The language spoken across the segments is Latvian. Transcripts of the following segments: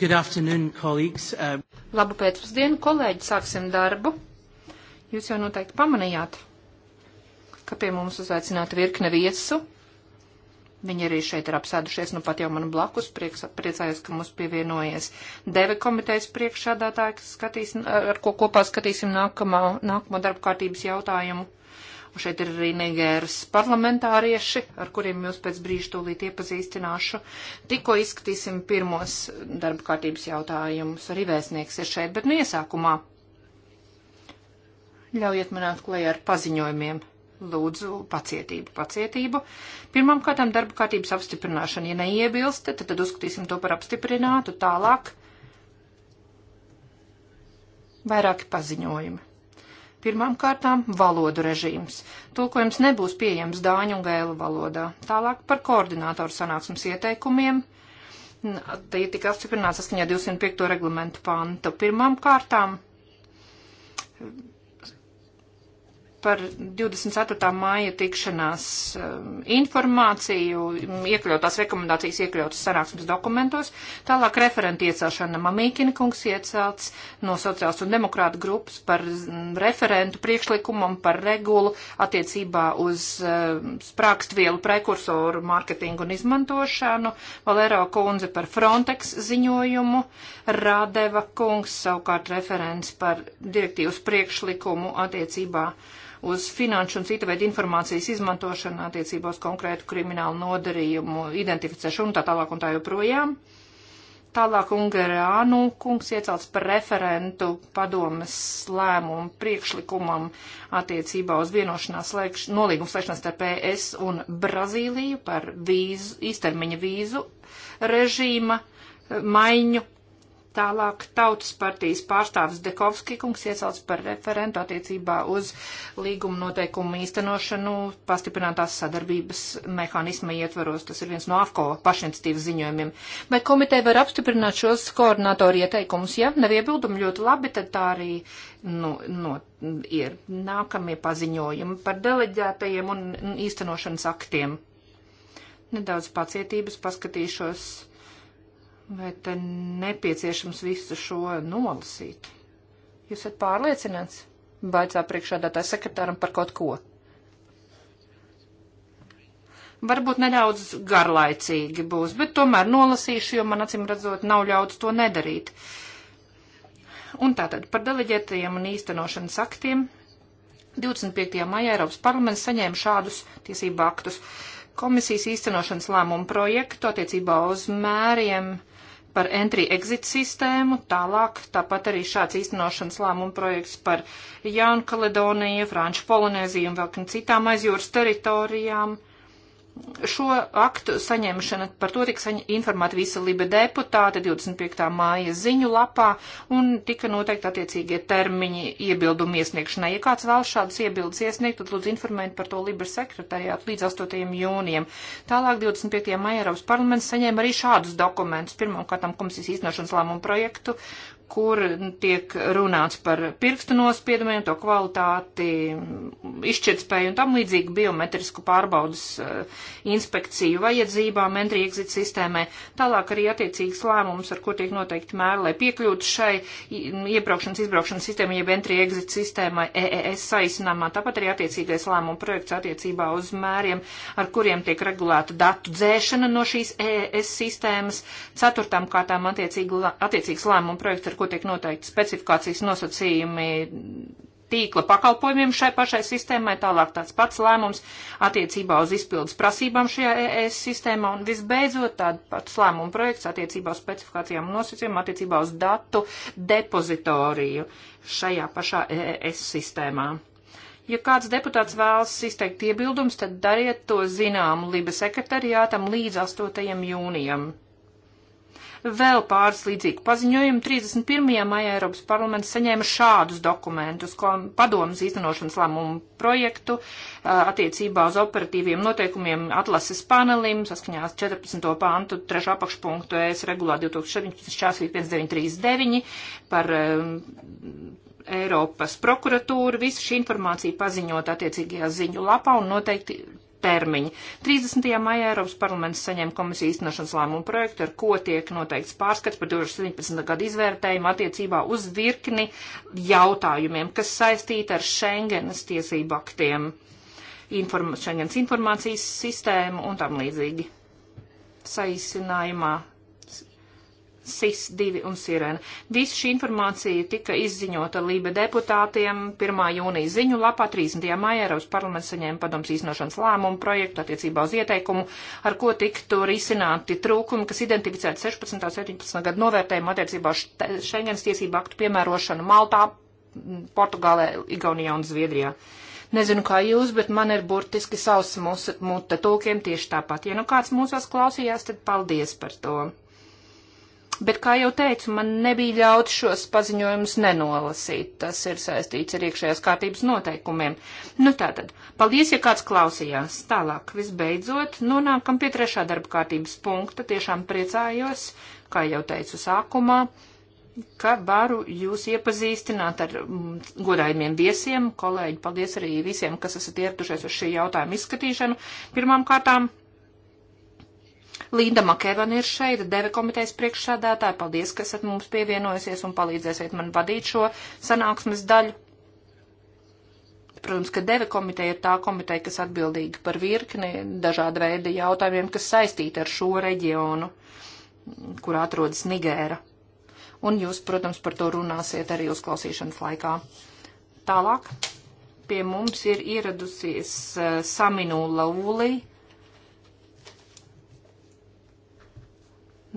Good afternoon, colleagues. Uh... Labu pēcpusdienu, kolēģi, sāksim darbu. Jūs jau noteikti pamanījāt, ka pie mums uzaicināta virkne viesu. Viņi arī šeit ir apsēdušies, nu pat jau man blakus, prieks, priecājos, ka mums pievienojies Deve komitejas priekšsādātāji, skatīs, ar ko kopā skatīsim nākamā, nākamo darba kārtības jautājumu. Un šeit ir arī Nigēras parlamentārieši, ar kuriem jūs pēc brīža tūlīt iepazīstināšu. Tikko izskatīsim pirmos darba kārtības jautājumus. Arī vēstnieks ir šeit, bet nu iesākumā. Ļaujiet man atklāt ar paziņojumiem. Lūdzu, pacietību, pacietību. Pirmam kārtām darba kārtības apstiprināšana. Ja neiebilstat, tad, tad uzskatīsim to par apstiprinātu. Tālāk vairāki paziņojumi. Pirmām kārtām valodu režīms. Tulkojums nebūs pieejams dāņu un gēlu valodā. Tālāk par koordinātoru sanāksmes ieteikumiem. Tie tika apstiprināts saskaņā 205. reglamentu pantu. Pirmām kārtām par 24. māja tikšanās um, informāciju, iekļautās rekomendācijas iekļautas sanāksmes dokumentos. Tālāk referenti iecelšana Mamīkina kungs iecelts no sociāls un demokrāta grupas par mm, referentu priekšlikumam par regulu attiecībā uz um, sprākstvielu prekursoru mārketingu un izmantošanu, Valero kundze par Frontex ziņojumu, Rādeva kungs savukārt referents par direktīvas priekšlikumu attiecībā Uh, uz finanšu un cita veida informācijas izmantošanu attiecībā uz konkrētu kriminālu nodarījumu identificēšanu un tā tālāk un tā joprojām. Tālāk Ungarānu kungs iecelts par referentu padomes lēmumu priekšlikumam attiecībā uz vienošanās slēgš, nolīgumu slēgšanas starp ES un Brazīliju par vīzu, īstermiņa vīzu režīma maiņu Tālāk Tautas partijas pārstāvis Dekovski kungs iesauc par referentu attiecībā uz līguma noteikumu īstenošanu pastiprinātās sadarbības mehānisma ietvaros. Tas ir viens no AFCO pašinicitīvas ziņojumiem. Vai komiteja var apstiprināt šos koordinātoru ieteikumus? Ja neviebildumi ļoti labi, tad tā arī nu, nu, ir nākamie paziņojumi par deleģētajiem un īstenošanas aktiem. Nedaudz pacietības paskatīšos Vai te nepieciešams visu šo nolasīt? Jūs esat pārliecināts? Baicā priekšādātāja sekretāram par kaut ko. Varbūt nedaudz garlaicīgi būs, bet tomēr nolasīšu, jo man acīm redzot nav ļauts to nedarīt. Un tātad par deleģētajiem un īstenošanas aktiem 25. maijā Eiropas parlaments saņēma šādus tiesību aktus. Komisijas īstenošanas lēmumu projektu attiecībā uz mēriem par entry-exit sistēmu, tālāk tāpat arī šāds īstenošanas lēmuma projekts par Jaunkaledoniju, Franču Polinēziju un vēl kādām citām aizjūras teritorijām. Uh, šo aktu saņemšana, par to tika informēta visa Libe deputāte 25. māja ziņu lapā un tika noteikti attiecīgie termiņi iebildumu iesniegšanai. Ja kāds vēl šādas iebildes iesniegt, tad lūdzu informēt par to Libe sekretariātu līdz 8. jūnijam. Tālāk 25. māja Eiropas parlaments saņēma arī šādus dokumentus. Pirmkārt, komisijas īstenošanas lēmumu projektu, kur tiek runāts par pirkstu nospiedumiem, to kvalitāti, izšķirtspēju un tam līdzīgi biometrisku pārbaudas eh, inspekciju vajadzībām entry-exit sistēmē. Tālāk arī attiecīgs lēmums, ar ko tiek noteikti mēri, lai piekļūtu šai iebraukšanas, izbraukšanas sistēmai, jeb entry-exit sistēmai EES saīsinājumā. Tāpat arī attiecīgais lēmuma projekts attiecībā uz mēriem, ar kuriem tiek regulēta datu dzēšana no šīs EES sistēmas. Ceturtām kārtām attiecīgs lēmuma projekts, ar ko tiek noteikti specifikācijas nosacījumi tīkla pakalpojumiem šai pašai sistēmai, tālāk tāds pats lēmums attiecībā uz izpildus prasībām šajā ES sistēmā un visbeidzot tāds pats lēmuma projekts attiecībā uz specifikācijām un nosacījumiem attiecībā uz datu depozitoriju šajā pašā ES sistēmā. Ja kāds deputāts vēlas izteikt iebildums, tad dariet to zinām Liba sekretariātam līdz 8. jūnijam vēl pāris līdzīgu paziņojumu. 31. maijā Eiropas parlaments saņēma šādus dokumentus, ko padomas īstenošanas lēmumu projektu attiecībā uz operatīviem noteikumiem atlases panelim saskaņā ar 14. pāntu 3. apakšpunktu ES regulā 2017.4.539 par Eiropas prokuratūru. Visa šī informācija paziņot attiecīgajā ziņu lapā un noteikti termiņi. 30. maijā Eiropas parlaments saņēma komisijas īstenošanas lēmumu projektu, ar ko tiek noteikts pārskats par 2017. gadu izvērtējumu attiecībā uz virkni jautājumiem, kas saistīti ar Schengenas tiesību aktiem, inform Schengenas informācijas sistēmu un tam līdzīgi. Saīsinājumā SIS-2 un Sirena. Visa šī informācija tika izziņota Lība deputātiem 1. jūnija ziņu lapā 30. maijā Eiropas parlaments saņēma padoms īstenošanas lēmumu projektu attiecībā uz ieteikumu, ar ko tiktu risināti trūkumi, kas identificēti 16. un 17. gadu novērtējumu attiecībā uz Schengens tiesību aktu piemērošanu Maltā, Portugālē, Igaunijā un Zviedrijā. Nezinu, kā jūs, bet man ir burtiski savs mūsu mute tūkiem tieši tāpat. Ja nu kāds mūsos klausījās, tad paldies par to. Bet, kā jau teicu, man nebija ļauts šos paziņojumus nenolasīt. Tas ir saistīts ar iekšējās kārtības noteikumiem. Nu tātad, paldies, ja kāds klausījās. Tālāk, visbeidzot, nonākam pie trešā darba kārtības punkta. Tiešām priecājos, kā jau teicu sākumā, ka varu jūs iepazīstināt ar mm, godājumiem viesiem. Kolēģi, paldies arī visiem, kas esat ieradušies uz šī jautājuma izskatīšanu. Pirmām kārtām Linda Makevana ir šeit, deve komitejas priekšsādātāja. Paldies, ka esat mums pievienojusies un palīdzēsiet man vadīt šo sanāksmes daļu. Protams, ka deve komiteja ir tā komiteja, kas atbildīga par virkni dažāda veida jautājumiem, kas saistīti ar šo reģionu, kur atrodas Nigēra. Un jūs, protams, par to runāsiet arī uzklausīšanas laikā. Tālāk pie mums ir ieradusies uh, Saminu Laulī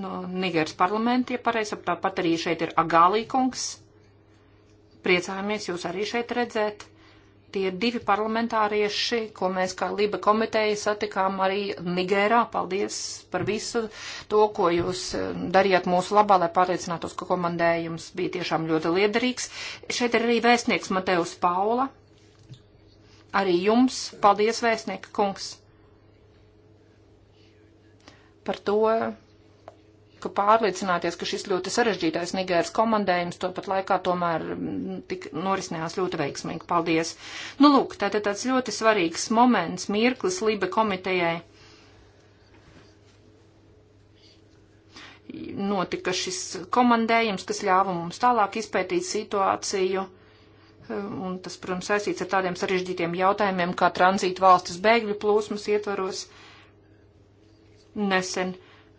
no Nigēras parlamenta, ja pareizi tāpat arī šeit ir Agālī kungs. Priecājamies jūs arī šeit redzēt. Tie ir divi parlamentārieši, ko mēs kā Liba komiteja satikām arī Nigērā. Paldies par visu to, ko jūs eh, darījāt mūsu labā, lai pārliecinātos, ka komandējums bija tiešām ļoti liederīgs. Šeit ir arī vēstnieks Mateus Paula. Arī jums paldies, vēstnieka kungs, par to, ka pārliecināties, ka šis ļoti sarežģītais Nigēras komandējums to pat laikā tomēr mm, tik norisinājās ļoti veiksmīgi. Paldies! Nu, lūk, tātad tāds ļoti svarīgs moments, mirklis Libe komitejai. Notika šis komandējums, kas ļāva mums tālāk izpētīt situāciju. Un tas, protams, saistīts ar tādiem sarežģītiem jautājumiem, kā tranzīta valstis bēgļu plūsmas ietvaros. Nesen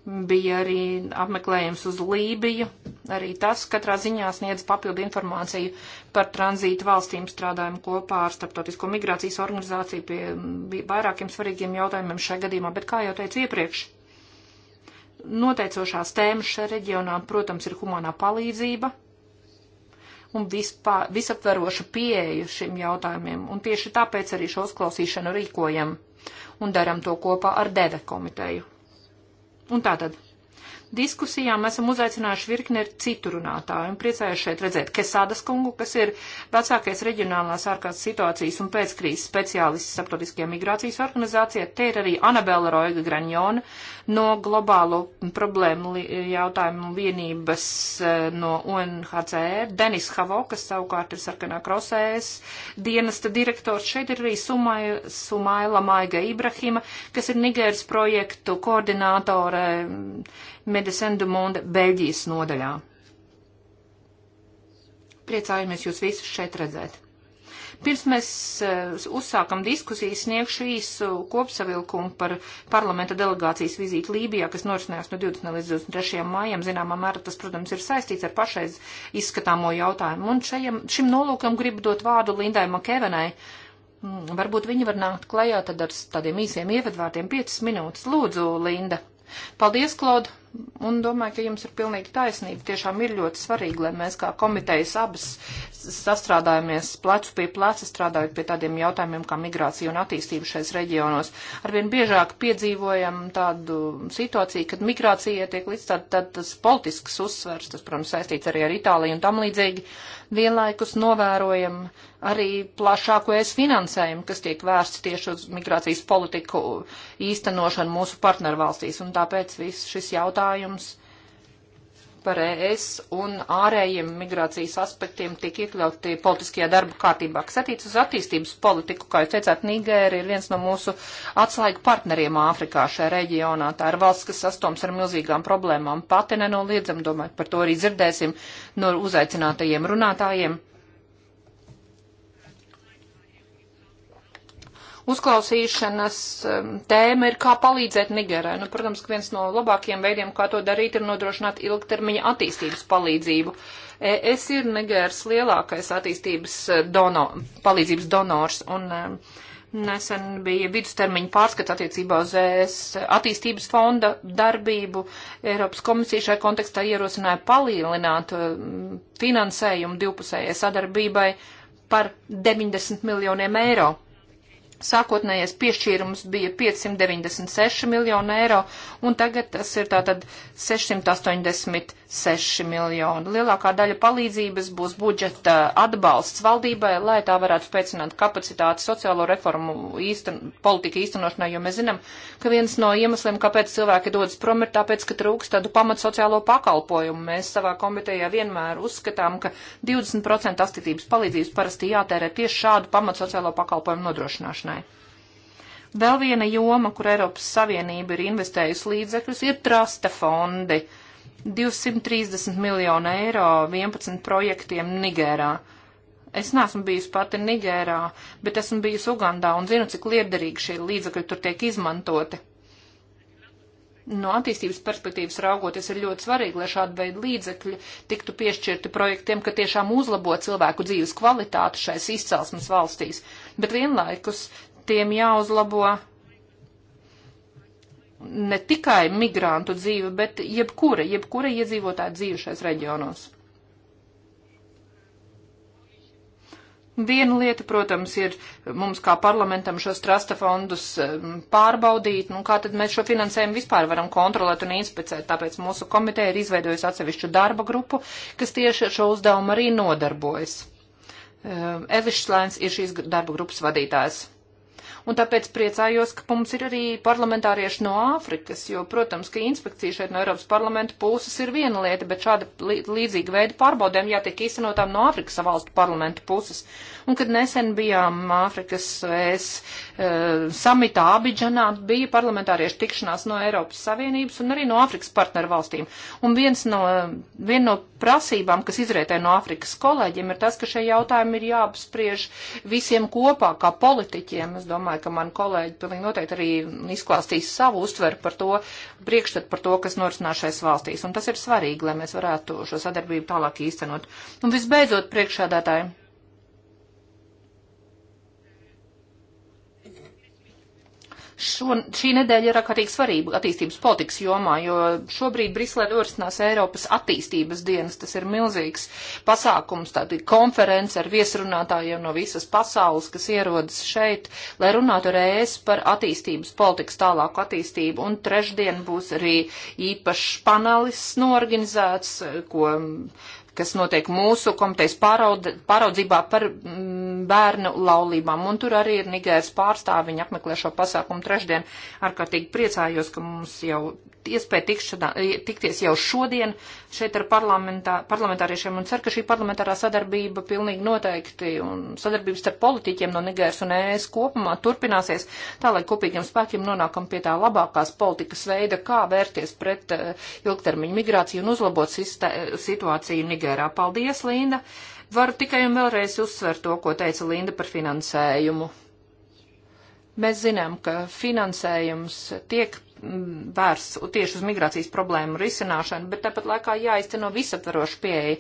bija arī apmeklējums uz Lībiju. Arī tas katrā ziņā sniedz papildu informāciju par tranzītu valstīm strādājumu kopā ar Starptautisko migrācijas organizāciju pie vairākiem svarīgiem jautājumiem šajā gadījumā. Bet, kā jau teicu iepriekš, noteicošās tēmas šajā reģionā, protams, ir humanā palīdzība un vispār, visaptveroša pieeja šiem jautājumiem. Un tieši tāpēc arī šo uzklausīšanu rīkojam un daram to kopā ar DEVE komiteju. Un tātad diskusijām esam uzaicinājuši virkni ar citu runātāju un priecājos šeit redzēt Kesādas kungu, kas ir vecākais reģionālās ārkārtas situācijas un pēckrīzes speciālists starptautiskajā migrācijas organizācijā. Te ir arī Anabela Roiga Granjona no globālo problēmu jautājumu vienības eh, no UNHCR, Denis Havo, kas savukārt ir sarkanā krosēs, dienesta direktors. Šeit ir arī Sumaila, Sumaila Maiga Ibrahima, kas ir Nigēras projektu koordinātore mm, Medesendumonda Beļģijas nodaļā. Priecājamies jūs visus šeit redzēt. Pirms mēs eh, uzsākam diskusijas, sniegšu īsu kopsavilkumu par parlamenta delegācijas vizīti Lībijā, kas norisinājās no 20. līdz 23. maijam. Zināmā mērā tas, protams, ir saistīts ar pašreiz izskatāmo jautājumu. Un šajam, šim nolūkam gribu dot vārdu Lindai Makevenai. Mm, varbūt viņi var nākt klajā tad ar tādiem īsiem ievadvārdiem 5 minūtes. Lūdzu, Linda. Paldies, Klaudu! Un domāju, ka jums ir pilnīgi taisnība. Tiešām ir ļoti svarīgi, lai mēs kā komitejas abas sastrādājamies plecu pie pleca, strādājot pie tādiem jautājumiem kā migrācija un attīstība šais reģionos. Arvien biežāk piedzīvojam tādu situāciju, kad migrācija tiek līdz tād, tād, tas politisks uzsvers, tas, protams, saistīts arī ar Itāliju un tam līdzīgi. Vienlaikus novērojam arī plašāko es finansējumu, kas tiek vērsts tieši uz migrācijas politiku īstenošanu mūsu partnervalstīs. Un tāpēc viss šis jautājums par ES un ārējiem migrācijas aspektiem tiek iekļauti politiskajā darba kārtībā, kas attiecas uz attīstības politiku. Kā jūs teicāt, Nigēra ir viens no mūsu atslēgu partneriem Āfrikā šajā reģionā. Tā ir valsts, kas sastoms ar milzīgām problēmām. Pati nenoliedzam, domāju, par to arī dzirdēsim no uzaicinātajiem runātājiem. uzklausīšanas um, tēma ir, kā palīdzēt Nigerai. Nu, protams, ka viens no labākajiem veidiem, kā to darīt, ir nodrošināt ilgtermiņa attīstības palīdzību. Es ir Nigēras lielākais attīstības uh, dono, palīdzības donors. Un, um, Nesen bija vidustermiņa pārskats attiecībā uz ES attīstības fonda darbību. Eiropas komisija šai kontekstā ierosināja palielināt um, finansējumu divpusējai sadarbībai par 90 miljoniem eiro. Sākotnējais piešķīrums bija 596 miljoni eiro, un tagad tas ir tātad 686 miljoni. Lielākā daļa palīdzības būs budžeta atbalsts valdībai, lai tā varētu spēcināt kapacitāti sociālo reformu īsten, politiku īstenošanai, jo mēs zinām, ka viens no iemesliem, kāpēc cilvēki dodas prom, ir tāpēc, ka trūks tādu pamat sociālo pakalpojumu. Mēs savā komitejā vienmēr uzskatām, ka 20% astitības palīdzības parasti jātērē tieši šādu pamat sociālo pakalpojumu nodrošināšanai veicināšanai. Vēl viena joma, kur Eiropas Savienība ir investējusi līdzekļus, ir trasta fondi. 230 miljonu eiro 11 projektiem Nigērā. Es neesmu bijusi pati Nigērā, bet esmu bijusi Ugandā un zinu, cik liederīgi šie līdzekļi tur tiek izmantoti no attīstības perspektīvas raugoties, ir ļoti svarīgi, lai šāda veida līdzekļi tiktu piešķirti projektiem, ka tiešām uzlabo cilvēku dzīves kvalitāti šais izcelsmes valstīs. Bet vienlaikus tiem jāuzlabo ne tikai migrantu dzīve, bet jebkura, jebkura iedzīvotāja dzīve šais reģionos. Viena lieta, protams, ir mums kā parlamentam šos trasta fondus um, pārbaudīt, nu kā tad mēs šo finansējumu vispār varam kontrolēt un inspicēt, tāpēc mūsu komiteja ir izveidojusi atsevišķu darba grupu, kas tieši ar šo uzdevumu arī nodarbojas. Um, Evišķlēns ir šīs darba grupas vadītājs un tāpēc priecājos, ka mums ir arī parlamentārieši no Āfrikas, jo, protams, ka inspekcija šeit no Eiropas parlamenta puses ir viena lieta, bet šāda līdzīga veida pārbaudēm jātiek īstenotām no Āfrikas valstu parlamenta puses. Un, kad nesen bijām Āfrikas ES eh, samitā Abidžanā, bija parlamentārieši tikšanās no Eiropas Savienības un arī no Āfrikas partneru valstīm. Un viens no, viena no prasībām, kas izrietē no Āfrikas kolēģiem, ir tas, ka šie jautājumi ir jāapspriež visiem kopā, kā politiķiem. Es domāju, ka man kolēģi pilnīgi noteikti arī izklāstīs savu uztveru par to, priekšstatu par to, kas norisināšais valstīs. Un tas ir svarīgi, lai mēs varētu šo sadarbību tālāk īstenot. Un visbeidzot, priekšādātāji. šo, šī nedēļa ir ārkārtīgi svarīga attīstības politikas jomā, jo šobrīd Briselē norisinās Eiropas attīstības dienas. Tas ir milzīgs pasākums, tāda konference ar viesrunātājiem no visas pasaules, kas ierodas šeit, lai runātu ar ES par attīstības politikas tālāku attīstību. Un trešdien būs arī īpašs panelis norganizēts, ko kas notiek mūsu komitejas pāraud, pāraudzībā par m, mm, bērnu laulībām. Un tur arī ir Nigēras pārstāvi, viņa apmeklē šo pasākumu trešdien. Ārkārtīgi priecājos, ka mums jau iespēja tikšanā, tikties jau šodien šeit ar parlamentā, parlamentāriešiem un ceru, ka šī parlamentārā sadarbība pilnīgi noteikti un sadarbības starp politiķiem no Nigēras un ES kopumā turpināsies tā, lai kopīgiem spēkiem nonākam pie tā labākās politikas veida, kā vērties pret uh, eh, ilgtermiņu migrāciju un uzlabot situāciju Nigērā. Paldies, Linda! Varu tikai un vēlreiz uzsvert to, ko teica Linda par finansējumu. Mēs zinām, ka finansējums tiek vērsts tieši uz migrācijas problēmu risināšanu, bet tāpat laikā jāizteno visaptvaroša pieeja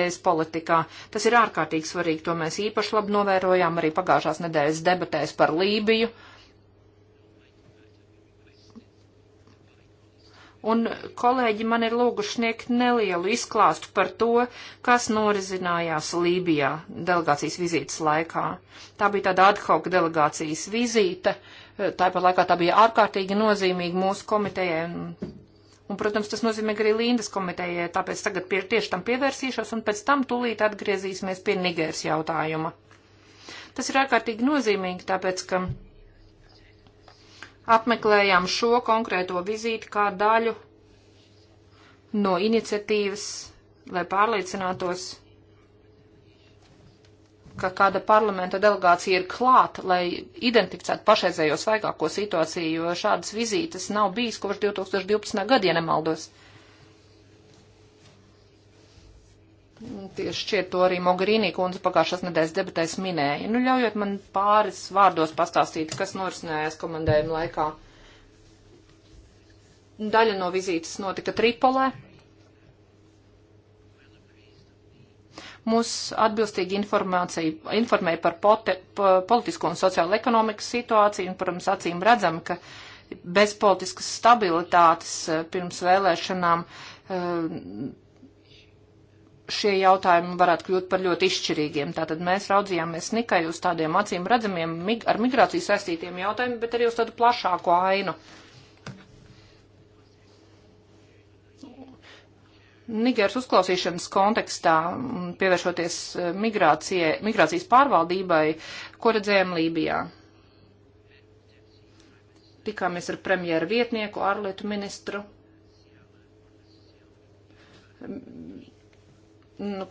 ES politikā. Tas ir ārkārtīgi svarīgi, to mēs īpaši labi novērojām arī pagājušās nedēļas debatēs par Lībiju. un kolēģi man ir lūguši sniegt nelielu izklāstu par to, kas norizinājās Lībijā delegācijas vizītes laikā. Tā bija tāda ad hoc delegācijas vizīte, Tāpat laikā tā bija ārkārtīgi nozīmīga mūsu komitejai. Un, un, protams, tas nozīmē arī Lindas komitejai, tāpēc tagad pie, tieši tam pievērsīšos un pēc tam tūlīt atgriezīsimies pie Nigēras jautājuma. Tas ir ārkārtīgi nozīmīgi, tāpēc, ka apmeklējām šo konkrēto vizīti kā daļu no iniciatīvas, lai pārliecinātos, ka kāda parlamenta delegācija ir klāt, lai identificētu pašreizējo svaigāko situāciju, jo šādas vizītes nav bijis kopš 2012. gada, ja nemaldos. Tieši šķiet to arī Mogherīnī kundze pagājušās nedēļas debatēs minēja. Nu, ļaujot man pāris vārdos pastāstīt, kas norisinājās komandējuma laikā. Daļa no vizītes notika Tripolē, mūs atbilstīgi informēja par pote, politisko un sociālo ekonomikas situāciju, un, protams, acīm redzam, ka bez politiskas stabilitātes e, pirms vēlēšanām e, šie jautājumi varētu kļūt par ļoti izšķirīgiem. Tātad mēs raudzījāmies tikai uz tādiem acīm redzamiem mig ar migrāciju saistītiem jautājumiem, bet arī uz tādu plašāku ainu. Uh, Nigēras uzklausīšanas kontekstā un pievēršoties eh, migrācijas pārvaldībai, ko redzējām Lībijā. Tikāmies ar premjeru vietnieku, ārlietu ministru. Mm,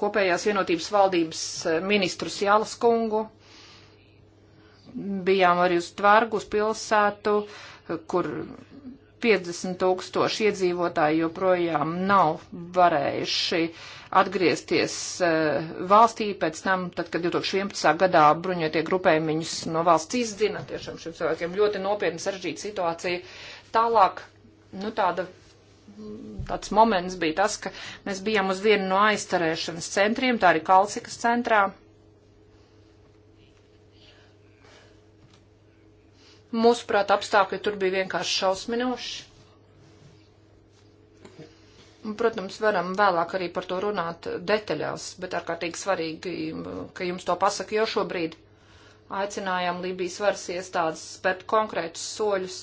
kopējās vienotības valdības eh, ministru Sjālas kungu. Bijām arī uz Tvargu, uz pilsētu, kur 50 tūkstoši iedzīvotāji joprojām nav varējuši atgriezties uh, valstī pēc tam, tad, kad 2011. gadā bruņotie grupējumi viņus no valsts izdzina, tiešām šiem cilvēkiem ļoti nopietni sarežģīta situācija. Tālāk, nu tāda, tāds moments bija tas, ka mēs bijām uz vienu no aizturēšanas centriem, tā arī Kalsikas centrā. Mūsuprāt, apstākļi tur bija vienkārši šausminoši. Un, protams, varam vēlāk arī par to runāt detaļās, bet ārkārtīgi svarīgi, ka jums to pasaka jau šobrīd. Aicinājām Lībijas varas iestādes spērt konkrētus soļus,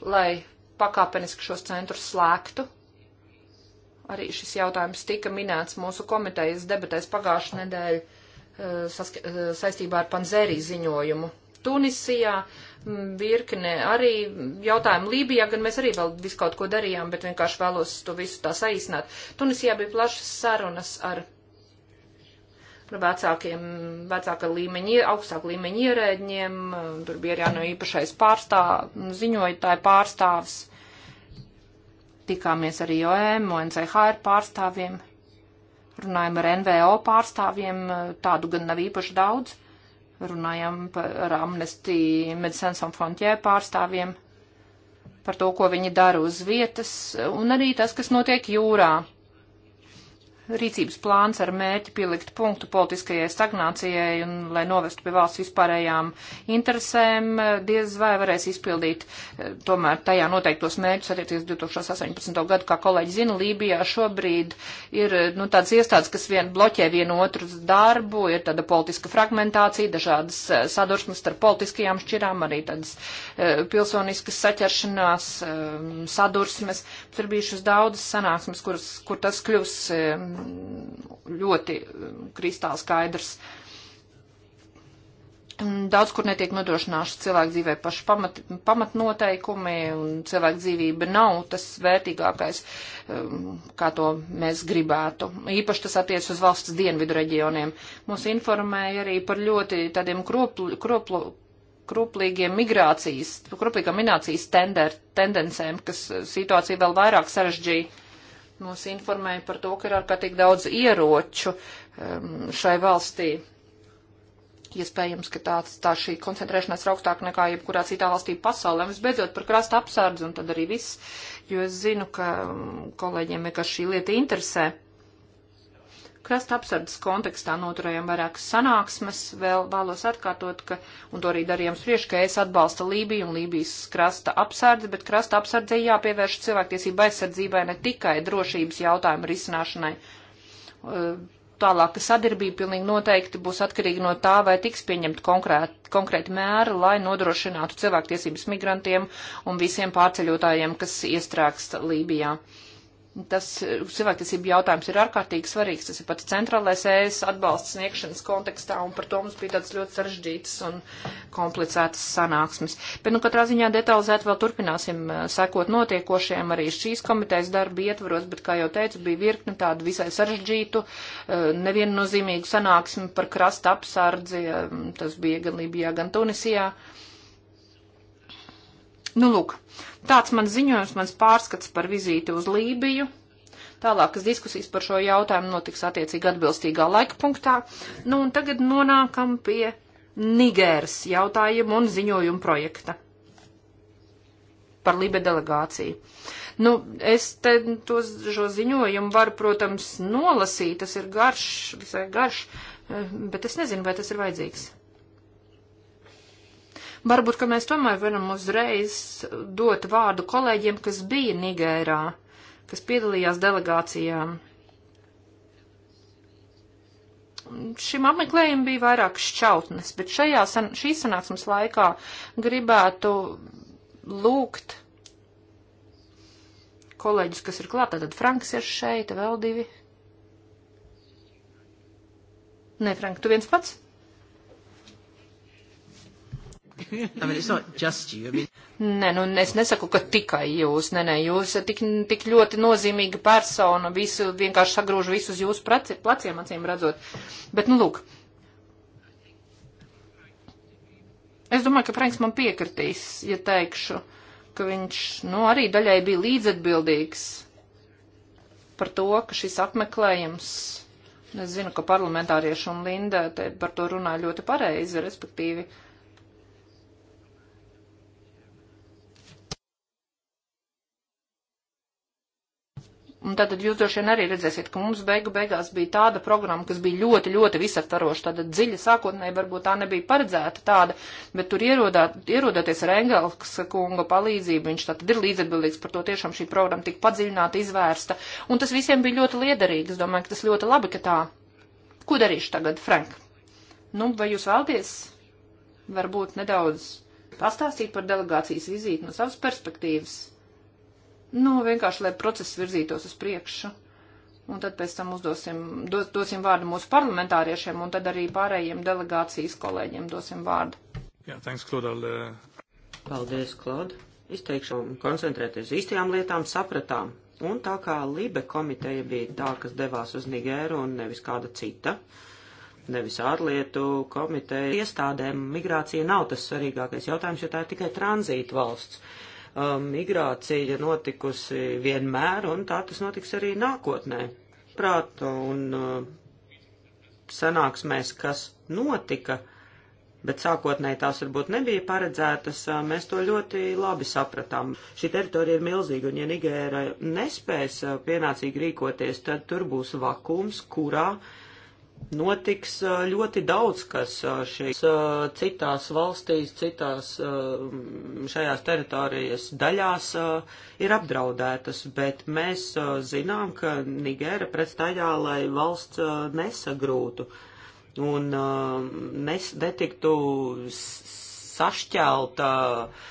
lai pakāpeniski šos centrus slēgtu. Arī šis jautājums tika minēts mūsu komitejas debatēs pagājušajā nedēļā eh, eh, saistībā ar Panzerī ziņojumu. Tunisijā virkne arī jautājumu Lībijā, gan mēs arī vēl visu kaut ko darījām, bet vienkārši vēlos to visu tā saīsināt. Tunisijā bija plašas sarunas ar vecākiem, vecāka līmeņa, augstāka līmeņa ierēģiem, tur bija arī no īpašais pārstāv, ziņojotāja pārstāvs. Tikāmies arī OM, ONCHR pārstāvjiem, runājam ar NVO pārstāvjiem, tādu gan nav īpaši daudz runājām par Amnesty Medicine Sans Frontier pārstāvjiem, par to, ko viņi dara uz vietas, un arī tas, kas notiek jūrā rīcības plāns ar mērķi pielikt punktu politiskajai stagnācijai un lai novestu pie valsts vispārējām interesēm, eh, diez vai varēs izpildīt eh, tomēr tajā noteiktos mērķus attiecībā 2018. gadu. Kā kolēģi zina, Lībijā šobrīd ir eh, nu, tāds iestādes, kas vien bloķē vienu otru darbu, ir tāda politiska fragmentācija, dažādas sadursmes starp politiskajām šķirām, arī tādas pilsoniskas saķeršanās, sadursmes. Tur bijušas daudzas sanāksmes, kuras, kur tas kļūs ļoti um, kristāli skaidrs. Daudz kur netiek nodrošināts cilvēku dzīvē paši pamat, pamatnoteikumi, un cilvēku dzīvība nav tas vērtīgākais, um, kā to mēs gribētu. Īpaši tas attiec uz valsts dienvidu reģioniem. Mūs informēja arī par ļoti tādiem kroplu, kroplu, kruplīgiem migrācijas, kruplīgām migrācijas tender, tendencēm, kas uh, situāciju vēl vairāk sarežģīja mūs informēja par to, ka ir ārkārtīgi daudz ieroču um, šai valstī. Iespējams, ka tā, tā šī koncentrēšanās ir augstāka nekā jebkurā citā valstī pasaulē. Mēs beidzot par krasta apsardzi un tad arī viss, jo es zinu, ka um, kolēģiem vienkārši šī lieta interesē krasta apsardzes kontekstā noturējām vairākas sanāksmes. Vēl vēlos atkārtot, ka, un to arī darījām spriež, ka es atbalsta Lībiju un Lībijas krasta apsardzi, bet krasta apsardzē jāpievērš cilvēktiesība aizsardzībai ne tikai drošības jautājumu risināšanai. Uh, tālāka sadarbība pilnīgi noteikti būs atkarīga no tā, vai tiks pieņemt konkrēt, konkrēti mēri, lai nodrošinātu cilvēktiesības migrantiem un visiem pārceļotājiem, kas iestrēgst Lībijā. Uh, Tas eh, cilvēktiesību jautājums ir ārkārtīgi svarīgs. Tas ir pats centrālais ES atbalsts sniegšanas kontekstā, un par to mums bija tāds ļoti sarežģīts un komplicētas sanāksmes. Bet, nu, katrā ziņā detalizēt vēl turpināsim eh, sekot notiekošiem arī šīs komitejas darba ietvaros, bet, kā jau teicu, bija virkni tādu visai sarežģītu, eh, neviennozīmīgu sanāksmi par krasta apsardzi. Tas bija gan Libijā, gan Tunisijā. Uh, Nu, lūk, tāds man ziņojums, mans pārskats par vizīti uz Lībiju. Tālākas diskusijas par šo jautājumu notiks attiecīgi atbilstīgā laika punktā. Nu, un tagad nonākam pie Nigēras jautājumu un ziņojumu projekta par Libe delegāciju. Nu, es te tos, šo ziņojumu varu, protams, nolasīt, tas ir garš, visai garš, eh, bet es nezinu, vai tas ir vajadzīgs. Varbūt, ka mēs tomēr varam uzreiz dot vārdu kolēģiem, kas bija Nigērā, kas piedalījās delegācijām. Šim apmeklējumam bija vairāk šķautnes, bet šajā san šīs sanāksmes laikā gribētu lūgt kolēģus, kas ir klāt, tad Franks ir šeit, vēl divi. Nē, Frank, tu viens pats? I mean, it's not just you. I mean... Nē, nu es nesaku, ka tikai jūs. Nē, nē, jūs esat tik, tik ļoti nozīmīga persona, visu vienkārši sagrūž visus jūsu pleciem, acīm redzot. Bet, nu, lūk. Es domāju, ka Franks man piekritīs, ja teikšu, ka viņš, nu, arī daļai bija līdzatbildīgs par to, ka šis apmeklējums Es zinu, ka parlamentārieši un Linda par to runā ļoti pareizi, respektīvi, uh, Un tātad jūs droši vien arī redzēsiet, ka mums beigu beigās bija tāda programma, kas bija ļoti, ļoti visaptvaroša, tāda dziļa sākotnēji varbūt tā nebija paredzēta tāda, bet tur ierodā, ierodoties ar Engels kunga palīdzību, viņš tātad ir līdzatbildīgs par to, tiešām šī programma tika padziļināta, izvērsta, un tas visiem bija ļoti liederīgi, es domāju, ka tas ļoti labi, ka tā. Ko darīšu tagad, Frank? Nu, vai jūs vēlties varbūt nedaudz pastāstīt par delegācijas vizīti no savas perspektīvas? Nu, vienkārši, lai process virzītos uz priekšu. Un tad pēc tam uzdosim, dos, dosim vārdu mūsu parlamentāriešiem, un tad arī pārējiem delegācijas kolēģiem dosim vārdu. Jā, yeah, thanks, Claude. I'll, uh... Paldies, Claude. Izteikšu un koncentrēties īstajām lietām, sapratām. Un tā kā Libe komiteja bija tā, kas devās uz Nigēru un nevis kāda cita, nevis ārlietu komiteja, iestādēm migrācija nav tas svarīgākais jautājums, jo tā ir tikai tranzīta valsts um, migrācija notikusi vienmēr, un tā tas notiks arī nākotnē. Prāta un uh, sanāksmēs, kas notika, bet sākotnēji tās varbūt nebija paredzētas, uh, mēs to ļoti labi sapratām. Šī teritorija ir milzīga, un ja Nigēra nespēs uh, pienācīgi rīkoties, tad tur būs vakums, kurā uh, notiks ļoti daudz, kas šīs citās valstīs, citās šajās teritorijas daļās ir apdraudētas, bet mēs zinām, ka Nigēra pretstājā, lai valsts nesagrūtu un nes, netiktu sašķelta. Uh,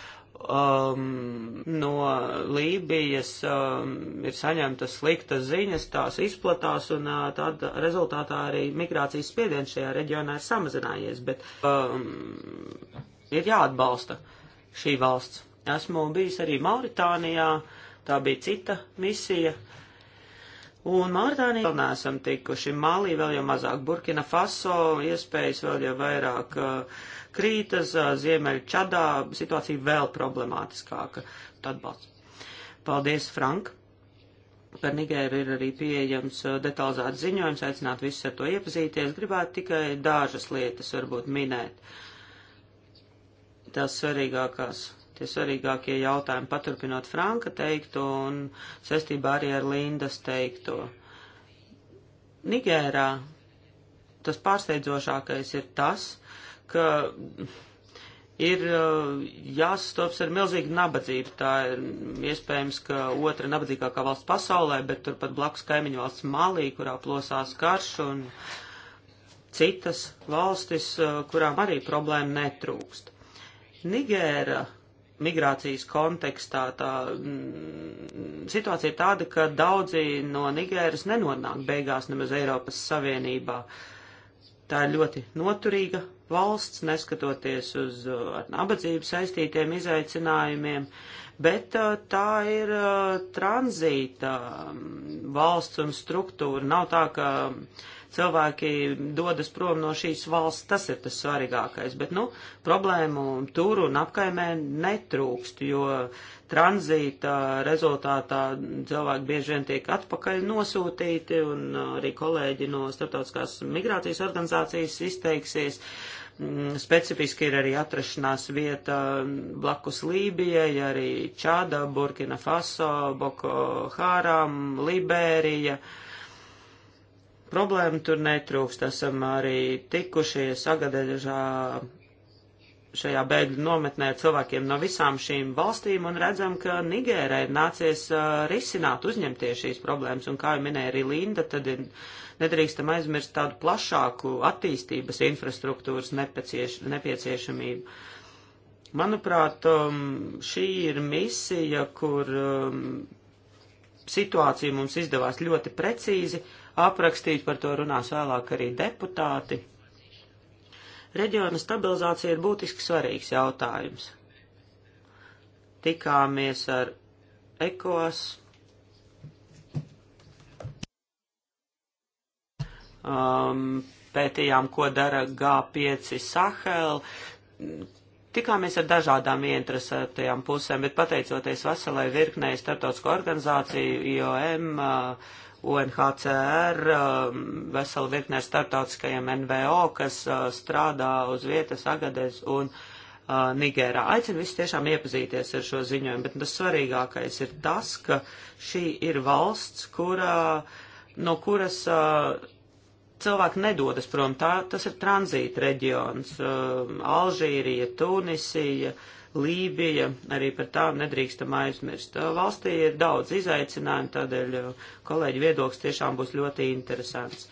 um, no Lībijas um, ir saņemtas sliktas ziņas, tās izplatās, un uh, tādā rezultātā arī migrācijas spiediens šajā reģionā ir samazinājies, bet um, ir jāatbalsta šī valsts. Esmu bijis arī Mauritānijā, tā bija cita misija. Un Mauritānija vēl neesam tikuši, Malī vēl jau mazāk, Burkina Faso iespējas vēl jau vairāk. Uh, krītas, ziemeļu čadā situācija vēl problemātiskāka. Tad balsts. Paldies, Frank! Par Nigēru ir arī pieejams detalizēts ziņojums, aicināt visus ar to iepazīties. Gribētu tikai dažas lietas varbūt minēt. Tās svarīgākās tie svarīgākie jautājumi, paturpinot Franka teikto un saistībā arī ar Lindas teikto. Nigērā tas pārsteidzošākais ir tas, ka ir uh, jāsastops ar milzīgu nabadzību. Tā ir iespējams, ka otra nabadzīgākā valsts pasaulē, bet turpat blakus kaimiņu valsts Malī, kurā plosās karš un citas valstis, uh, kurām arī problēma netrūkst. Nigēra migrācijas kontekstā tā m, mm, situācija ir tāda, ka daudzi no Nigēras nenonāk beigās nemaz Eiropas Savienībā. Uh, Tā ir ļoti noturīga valsts, neskatoties uz uh, ar nabadzību saistītiem izaicinājumiem, bet uh, tā ir uh, tranzīta um, valsts un struktūra. Nav tā, ka um, cilvēki dodas prom no šīs valsts, tas ir tas svarīgākais. Bet, nu, problēmu tur un apkaimē netrūkst, jo tranzīta rezultātā cilvēki bieži vien tiek atpakaļ nosūtīti un arī kolēģi no starptautiskās migrācijas organizācijas izteiksies mm, specifiski ir arī atrašanās vieta blakus Lībijai, arī Čāda, Burkina Faso, Boko Haram, Libērija. Uh, Problēma tur netrūkst, esam arī tikušies agadežā šajā bēgļu nometnē ar cilvēkiem no visām šīm valstīm un redzam, ka Nigērai ir nācies uh, risināt, uzņemties šīs problēmas, un kā jau minēja arī Linda, tad ir nedrīkstam aizmirst tādu plašāku attīstības infrastruktūras nepiecieš, nepieciešamību. Manuprāt, um, šī ir misija, kur um, situācija mums izdevās ļoti precīzi aprakstīt, par to runās vēlāk arī deputāti. Reģiona stabilizācija ir būtiski svarīgs jautājums. Tikāmies ar ECOS, um, pētījām, ko dara G5 Sahel, tikāmies ar dažādām ieinteresētajām pusēm, bet pateicoties veselai virknei starptautisko organizāciju, IOM, uh, UNHCR, um, veselu virkni ar startautiskajiem NVO, kas uh, strādā uz vietas Agadez un uh, Nigērā. Aicinu visus tiešām iepazīties ar šo ziņojumu, bet tas svarīgākais ir tas, ka šī ir valsts, kurā, no kuras uh, cilvēki nedodas prom. Tā, tas ir tranzīta reģions. Um, Alžīrija, Tunisija. Uh, Lībija, arī par tām nedrīkstam aizmirst. Valstī ir daudz izaicinājumu, tādēļ kolēģi viedoklis tiešām būs ļoti interesants.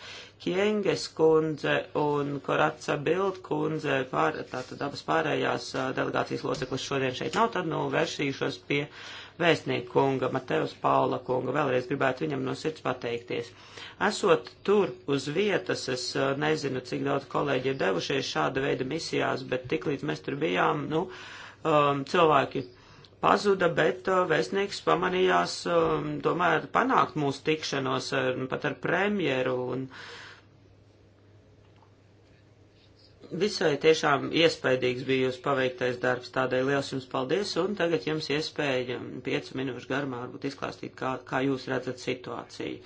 Kienges kundze un Koratsa Bild kundze, pār, tātad abas pārējās delegācijas loceklis šodien šeit nav, tad nu vēršīšos pie vēstnieku kunga, Mateus Paula kunga, vēlreiz gribētu viņam no sirds pateikties. Esot tur uz vietas, es nezinu, cik daudz kolēģi ir devušies šāda veida misijās, bet tiklīdz mēs tur bijām, nu, uh, um, cilvēki pazuda, bet uh, vēstnieks pamanījās, um, tomēr panākt mūsu tikšanos ar, nu, pat ar premjeru un visai tiešām iespaidīgs bija jūs paveiktais darbs, tādēļ liels jums paldies un tagad jums iespēja piecu minūšu garumā varbūt izklāstīt, kā, kā jūs redzat situāciju.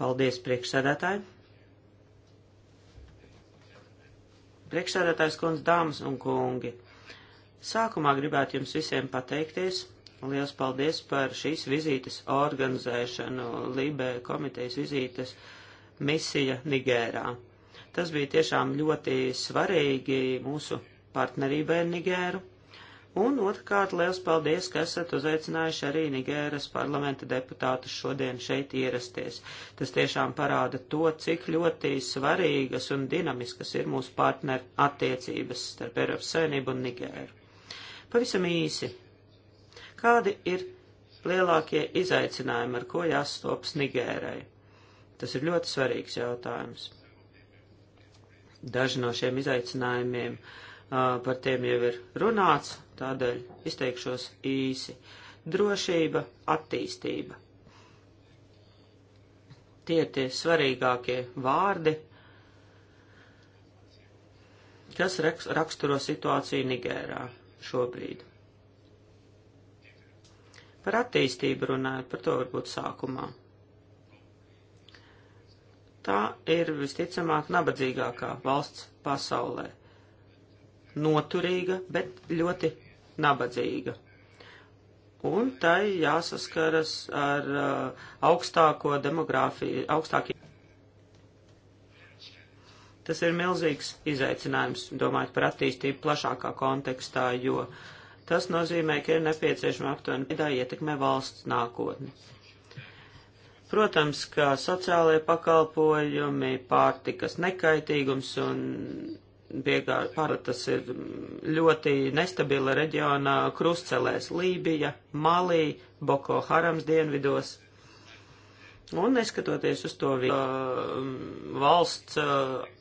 Paldies priekšsēdētāji! Priekšsēdētājs kundz, dāmas un kungi! Sākumā gribētu jums visiem pateikties. Liels paldies par šīs vizītes organizēšanu, Libē komitejas vizītes misija Nigērā. Tas bija tiešām ļoti svarīgi mūsu partnerībai ar Nigēru. Un otrkārt, liels paldies, ka esat uzaicinājuši arī Nigēras parlamenta deputātus šodien šeit ierasties. Tas tiešām parāda to, cik ļoti svarīgas un dinamiskas ir mūsu partneru attiecības starp Eiropas Savienību un Nigēru. Pavisam īsi. Kādi ir lielākie izaicinājumi, ar ko jāstops Nigērai? Tas ir ļoti svarīgs jautājums. Daži no šiem izaicinājumiem par tiem jau ir runāts, tādēļ izteikšos īsi. Drošība, attīstība. Tie ir tie svarīgākie vārdi, kas raksturo situāciju Nigērā šobrīd. Par attīstību runājot, par to varbūt sākumā. Tā ir visticamāk nabadzīgākā valsts pasaulē. Noturīga, bet ļoti nabadzīga un tai jāsaskaras ar uh, augstāko demogrāfiju, augstākiem Tas ir milzīgs izaicinājums, domājot par attīstību plašākā kontekstā, jo tas nozīmē, ka ir nepieciešama aptuveni veidā ietekme valsts nākotni. Protams, kā sociālajie pakalpojumi, pārtikas nekaitīgums un vienkārši pārtas ir ļoti nestabila reģionā krustcelēs Lībija, Malī, Boko Harams dienvidos. Un neskatoties uz to, uh, valsts uh,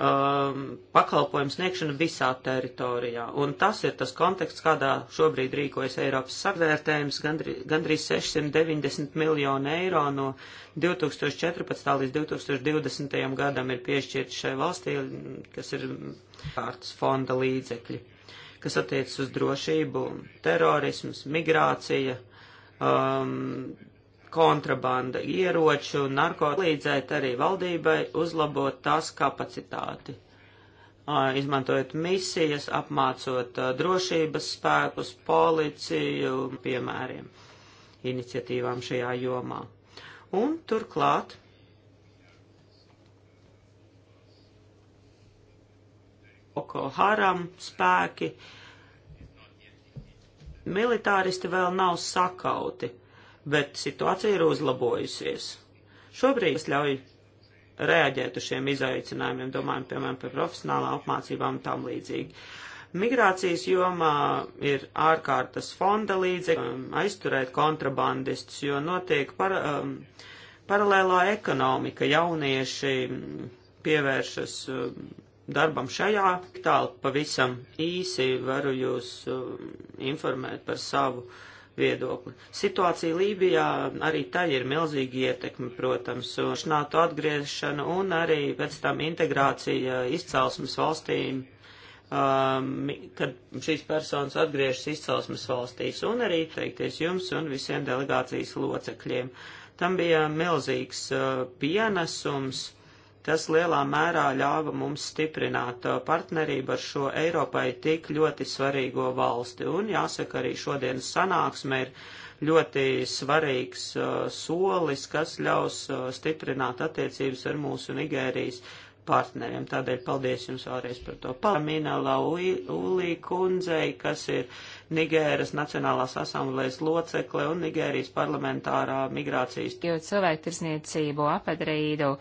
um, pakalpojumu sniegšana visā teritorijā. Un tas ir tas konteksts, kādā šobrīd rīkojas Eiropas savvērtējums gandrī, gandrīz 690 miljonu eiro no 2014. līdz 2020. gadam ir piešķirti šai valstī, kas ir kārtas fonda līdzekļi, kas attiecas uz drošību, terorismus, migrācija. Um, kontrabanda ieroču, narkotiku, palīdzēt arī valdībai uzlabot tās kapacitāti. Izmantojot misijas, apmācot drošības spēkus, policiju, piemēriem, iniciatīvām šajā jomā. Un turklāt Boko Haram spēki. Militāristi vēl nav sakauti, bet situācija ir uzlabojusies. Šobrīd es ļauj reaģēt uz šiem izaicinājumiem, domājam, piemēram, par profesionālām apmācībām un tam līdzīgi. Migrācijas jomā ir ārkārtas fonda līdzekļi, um, aizturēt kontrabandistus, jo notiek par, um, paralēlā ekonomika, jaunieši um, pievēršas um, darbam šajā. Tālāk pavisam īsi varu jūs um, informēt par savu uh, viedokli. Situācija Lībijā arī tai ir milzīgi ietekmi, protams, un NATO atgriešana un arī pēc tam integrācija izcelsmes valstīm um, kad šīs personas atgriežas izcelsmes valstīs, un arī teikties jums un visiem delegācijas locekļiem. Tam bija milzīgs uh, pienesums Tas lielā mērā ļāva mums stiprināt uh, partnerību ar šo Eiropai tik ļoti svarīgo valsti. Un jāsaka, arī šodienas sanāksme ir ļoti svarīgs uh, solis, kas ļaus uh, stiprināt attiecības ar mūsu Nigērijas partneriem. Tādēļ paldies jums vēlreiz par to. Pamina Laulī kundzei, kas ir Nigēras Nacionālās asamblējas locekle un Nigērijas parlamentārā migrācijas. Jo cilvēktirzniecību apadrīdu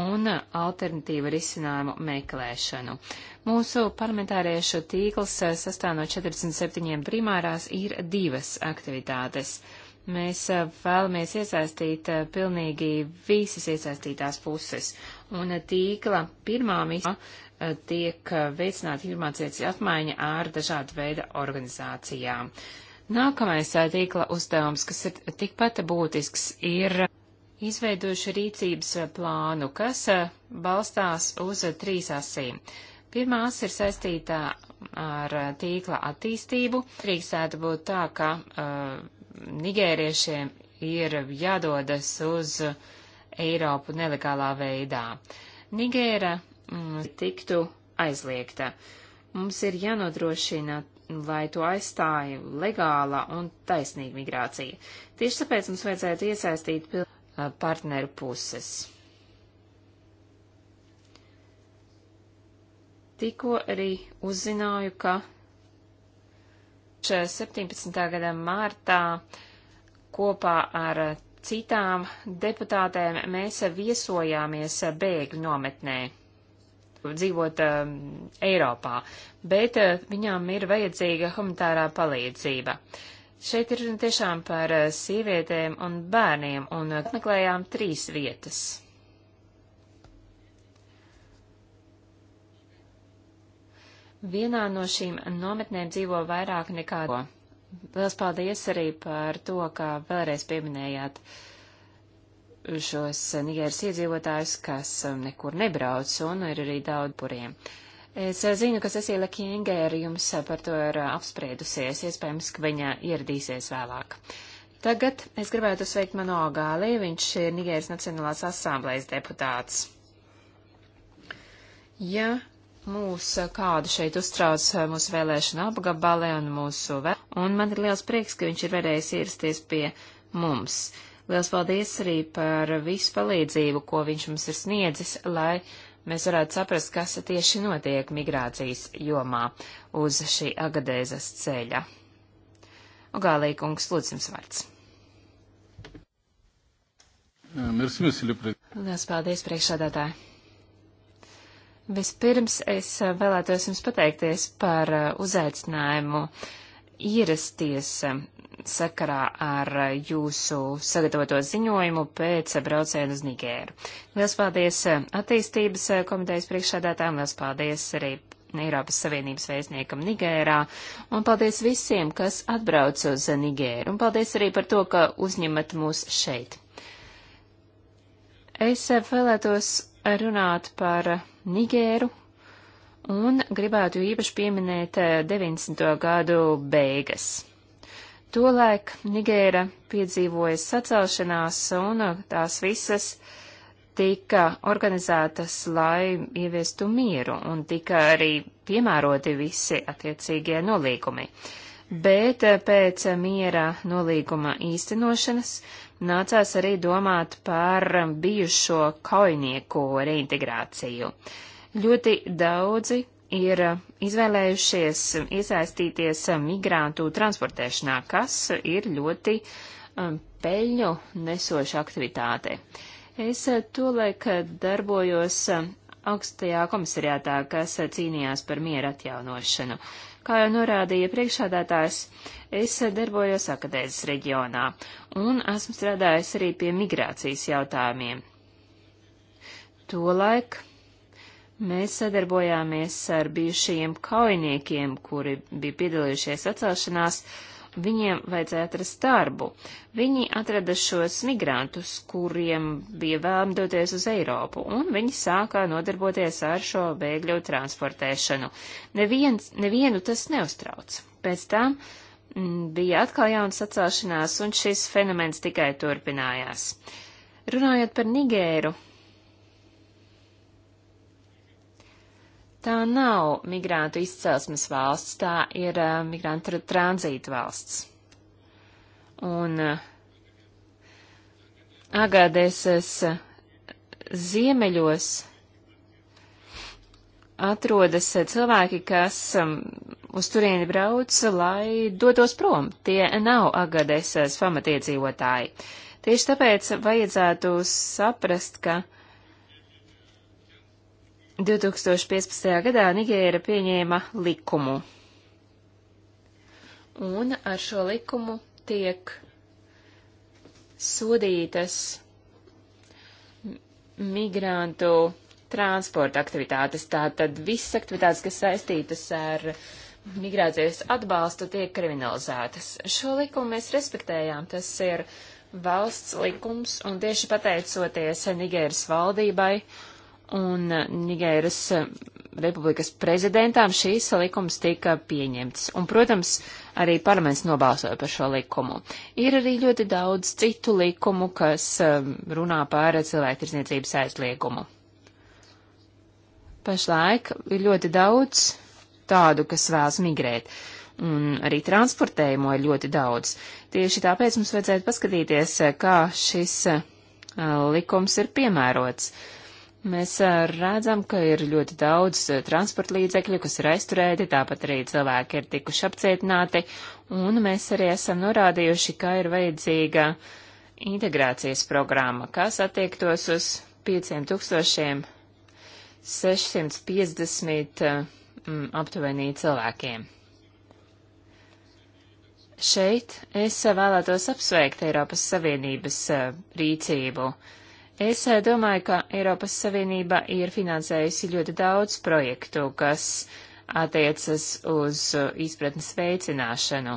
un alternatīvu risinājumu meklēšanu. Mūsu parlamentāriešu tīkls eh, sastāv no 47 primārās ir divas aktivitātes. Mēs eh, vēlamies iesaistīt eh, pilnīgi visas iesaistītās puses, un tīkla pirmā misija tiek veicināta informācijas apmaiņa ar dažādu veidu organizācijām. Nākamais tīkla uzdevums, kas ir tikpat būtisks, ir izveidojuši rīcības eh, plānu, kas eh, balstās uz eh, trīs asīm. Pirmā asa ir saistītā ar tīkla attīstību. Drīkstētu būt tā, ka uh, nigēriešiem ir jādodas uz Eiropu nelegālā veidā. Nigēra mm, tiktu aizliegta. Mums ir jānodrošina lai to aizstāja legāla un taisnīga migrācija. Tieši tāpēc mums vajadzētu iesaistīt pil... Uh, partneru puses. Tikko arī uzzināju, ka 17. gada martā kopā ar citām deputātēm mēs viesojāmies bēgļu nometnē, dzīvot um, Eiropā, bet uh, viņām ir vajadzīga humanitārā palīdzība. Uh, Šeit ir tiešām par eh, sievietēm un bērniem, un eh, meklējām trīs vietas. Vienā no šīm nometnēm dzīvo vairāk nekā. Liels paldies arī par to, ka vēlreiz pieminējāt šos Nigēras iedzīvotājus, kas eh, nekur nebrauc un ir arī daudz puriem. Uh, Es zinu, ka Cecīla Kienge ar jums par to ir uh, apspriedusies, iespējams, ka viņa ieradīsies vēlāk. Tagad es gribētu sveikt Mano Gāli, viņš ir Nigēras Nacionālās asamblējas deputāts. Ja mūs uh, kādu šeit uztrauc uh, mūsu vēlēšana apgabali un mūsu vēl, un man ir liels prieks, ka viņš ir varējis ierasties pie mums. Liels paldies arī par visu palīdzību, ko viņš mums ir sniedzis, lai mēs varētu saprast, kas tieši notiek migrācijas jomā uz šī agadēzas ceļa. Ugālī kungs, lūdzu jums vārds. Lielas paldies, priekšsādātāji. Vispirms es vēlētos jums pateikties par uh, uzaicinājumu ierasties um, sakarā ar jūsu sagatavoto ziņojumu pēc brauciena uz Nigēru. Liels paldies eh, attīstības eh, komitejas priekšsādātām, liels paldies arī Eiropas Savienības vēstniekam Nigērā, un paldies visiem, kas atbrauc uz Nigēru, un paldies arī par to, ka uzņemat mūs šeit. Es eh, vēlētos runāt par Nigēru, un gribētu īpaši pieminēt 90. gadu beigas. Tolaik Nigēra piedzīvoja sacelšanās un uh, tās visas tika organizētas, lai ieviestu mieru un tika arī piemēroti visi attiecīgie nolīgumi. Bet uh, pēc miera nolīguma īstenošanas nācās arī domāt par bijušo kaujinieku reintegrāciju. Ļoti daudzi ir izvēlējušies iesaistīties migrantu transportēšanā, kas ir ļoti um, peļņu nesoša aktivitāte. Es tolaik darbojos augstajā komisariātā, kas cīnījās par miera atjaunošanu. Kā jau norādīja priekšādātājs, es darbojos akadēzes reģionā un esmu strādājis arī pie migrācijas jautājumiem. Tolaik Mēs sadarbojāmies ar bijušajiem kaujiniekiem, kuri bija piedalījušies atcelšanās, viņiem vajadzēja atrast darbu. Viņi atrada šos migrantus, kuriem bija vēlam doties uz Eiropu, un viņi sākā nodarboties ar šo bēgļu transportēšanu. Neviens, nevienu tas neuztrauc. Pēc tam m, mm, bija atkal jauns atcelšanās, un šis fenomens tikai turpinājās. Runājot par Nigēru, Tā nav migrantu izcelsmes valsts, tā ir uh, migrantu tranzīta valsts. Un uh, eh, Agādēses eh, ziemeļos atrodas cilvēki, kas um, uz turieni brauc, lai dotos prom. Tie nav Agādēses pamatiedzīvotāji. Tieši tāpēc vajadzētu saprast, ka 2015. gadā Nigēra pieņēma likumu. Un ar šo likumu tiek sodītas migrantu transporta aktivitātes. Tātad visas aktivitātes, kas saistītas ar migrācijas atbalstu, tiek kriminalizētas. Šo likumu mēs respektējām. Tas ir valsts likums, un tieši pateicoties Nigēras valdībai un Nigēras republikas prezidentām šīs likums tika pieņemts. Un, protams, arī parlaments nobalsoja par šo likumu. Ir arī ļoti daudz citu likumu, kas um, runā par cilvēktirdzniecības aizliegumu. Pašlaik ir ļoti daudz tādu, kas vēlas migrēt. Un arī transportējumu ir ļoti daudz. Tieši tāpēc mums vajadzētu paskatīties, kā šis uh, likums ir piemērots. Uh, Mēs redzam, ka ir ļoti daudz transporta līdzekļu, kas ir aizturēti, tāpat arī cilvēki ir tikuši apcietināti, un mēs arī esam norādījuši, ka ir vajadzīga integrācijas programma, kas attiektos uz 5650 mm, aptuvenī cilvēkiem. Šeit es vēlētos apsveikt Eiropas Savienības rīcību. Uh, Es eh, domāju, ka Eiropas Savienība ir finansējusi ļoti daudz projektu, kas attiecas uz eh, izpratnes veicināšanu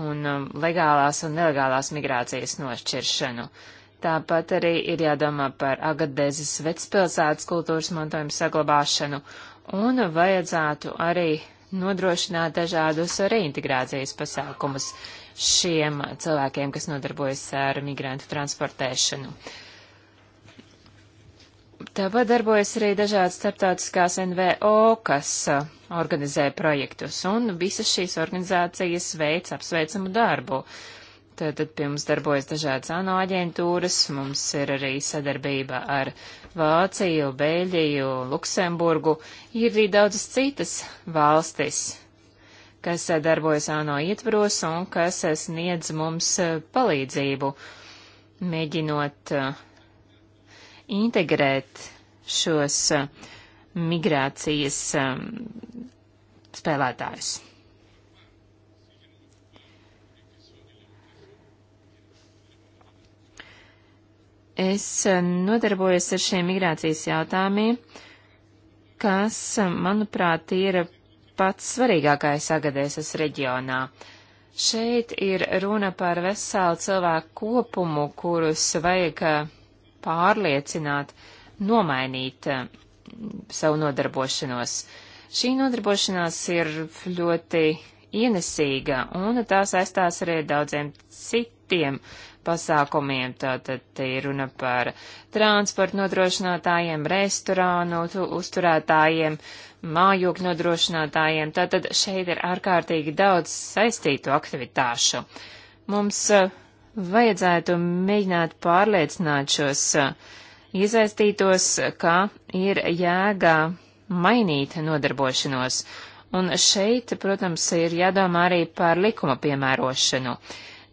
un um, legālās un nelegālās migrācijas nošķiršanu. Tāpat arī ir jādomā par Agadezes vecpilsētas kultūras mantojuma saglabāšanu un vajadzētu arī nodrošināt dažādus reintegrācijas pasākumus šiem cilvēkiem, kas nodarbojas ar migrantu transportēšanu. Tāpat darbojas arī dažādas starptautiskās NVO, kas uh, organizē projektus, un visas šīs organizācijas veic apsveicamu darbu. Tātad pie mums darbojas dažādas ANO aģentūras, mums ir arī sadarbība ar Vāciju, Beļģiju, Luksemburgu, ir arī daudzas citas valstis, kas darbojas ANO ietvaros un kas sniedz mums eh, palīdzību, mēģinot eh, integrēt šos eh, migrācijas spēlētājus. Es nodarbojos ar šiem migrācijas jautājumiem, kas, manuprāt, ir pats svarīgākais Agadēsas reģionā. Šeit ir runa par veselu cilvēku kopumu, kurus vajag eh, pārliecināt, nomainīt eh, savu nodarbošanos. Šī nodarbošanās ir ļoti ienesīga, un tā saistās arī daudziem citiem pasākumiem. Tātad te ir runa par transportu nodrošinātājiem, restorānu uzturētājiem, uh, mājokļu nodrošinātājiem. Tātad šeit ir ārkārtīgi daudz saistītu aktivitāšu. Mums eh, vajadzētu mēģināt pārliecināt šos eh, iesaistītos, ka ir jēga mainīt nodarbošanos. Un šeit, protams, ir jādomā arī par likuma piemērošanu.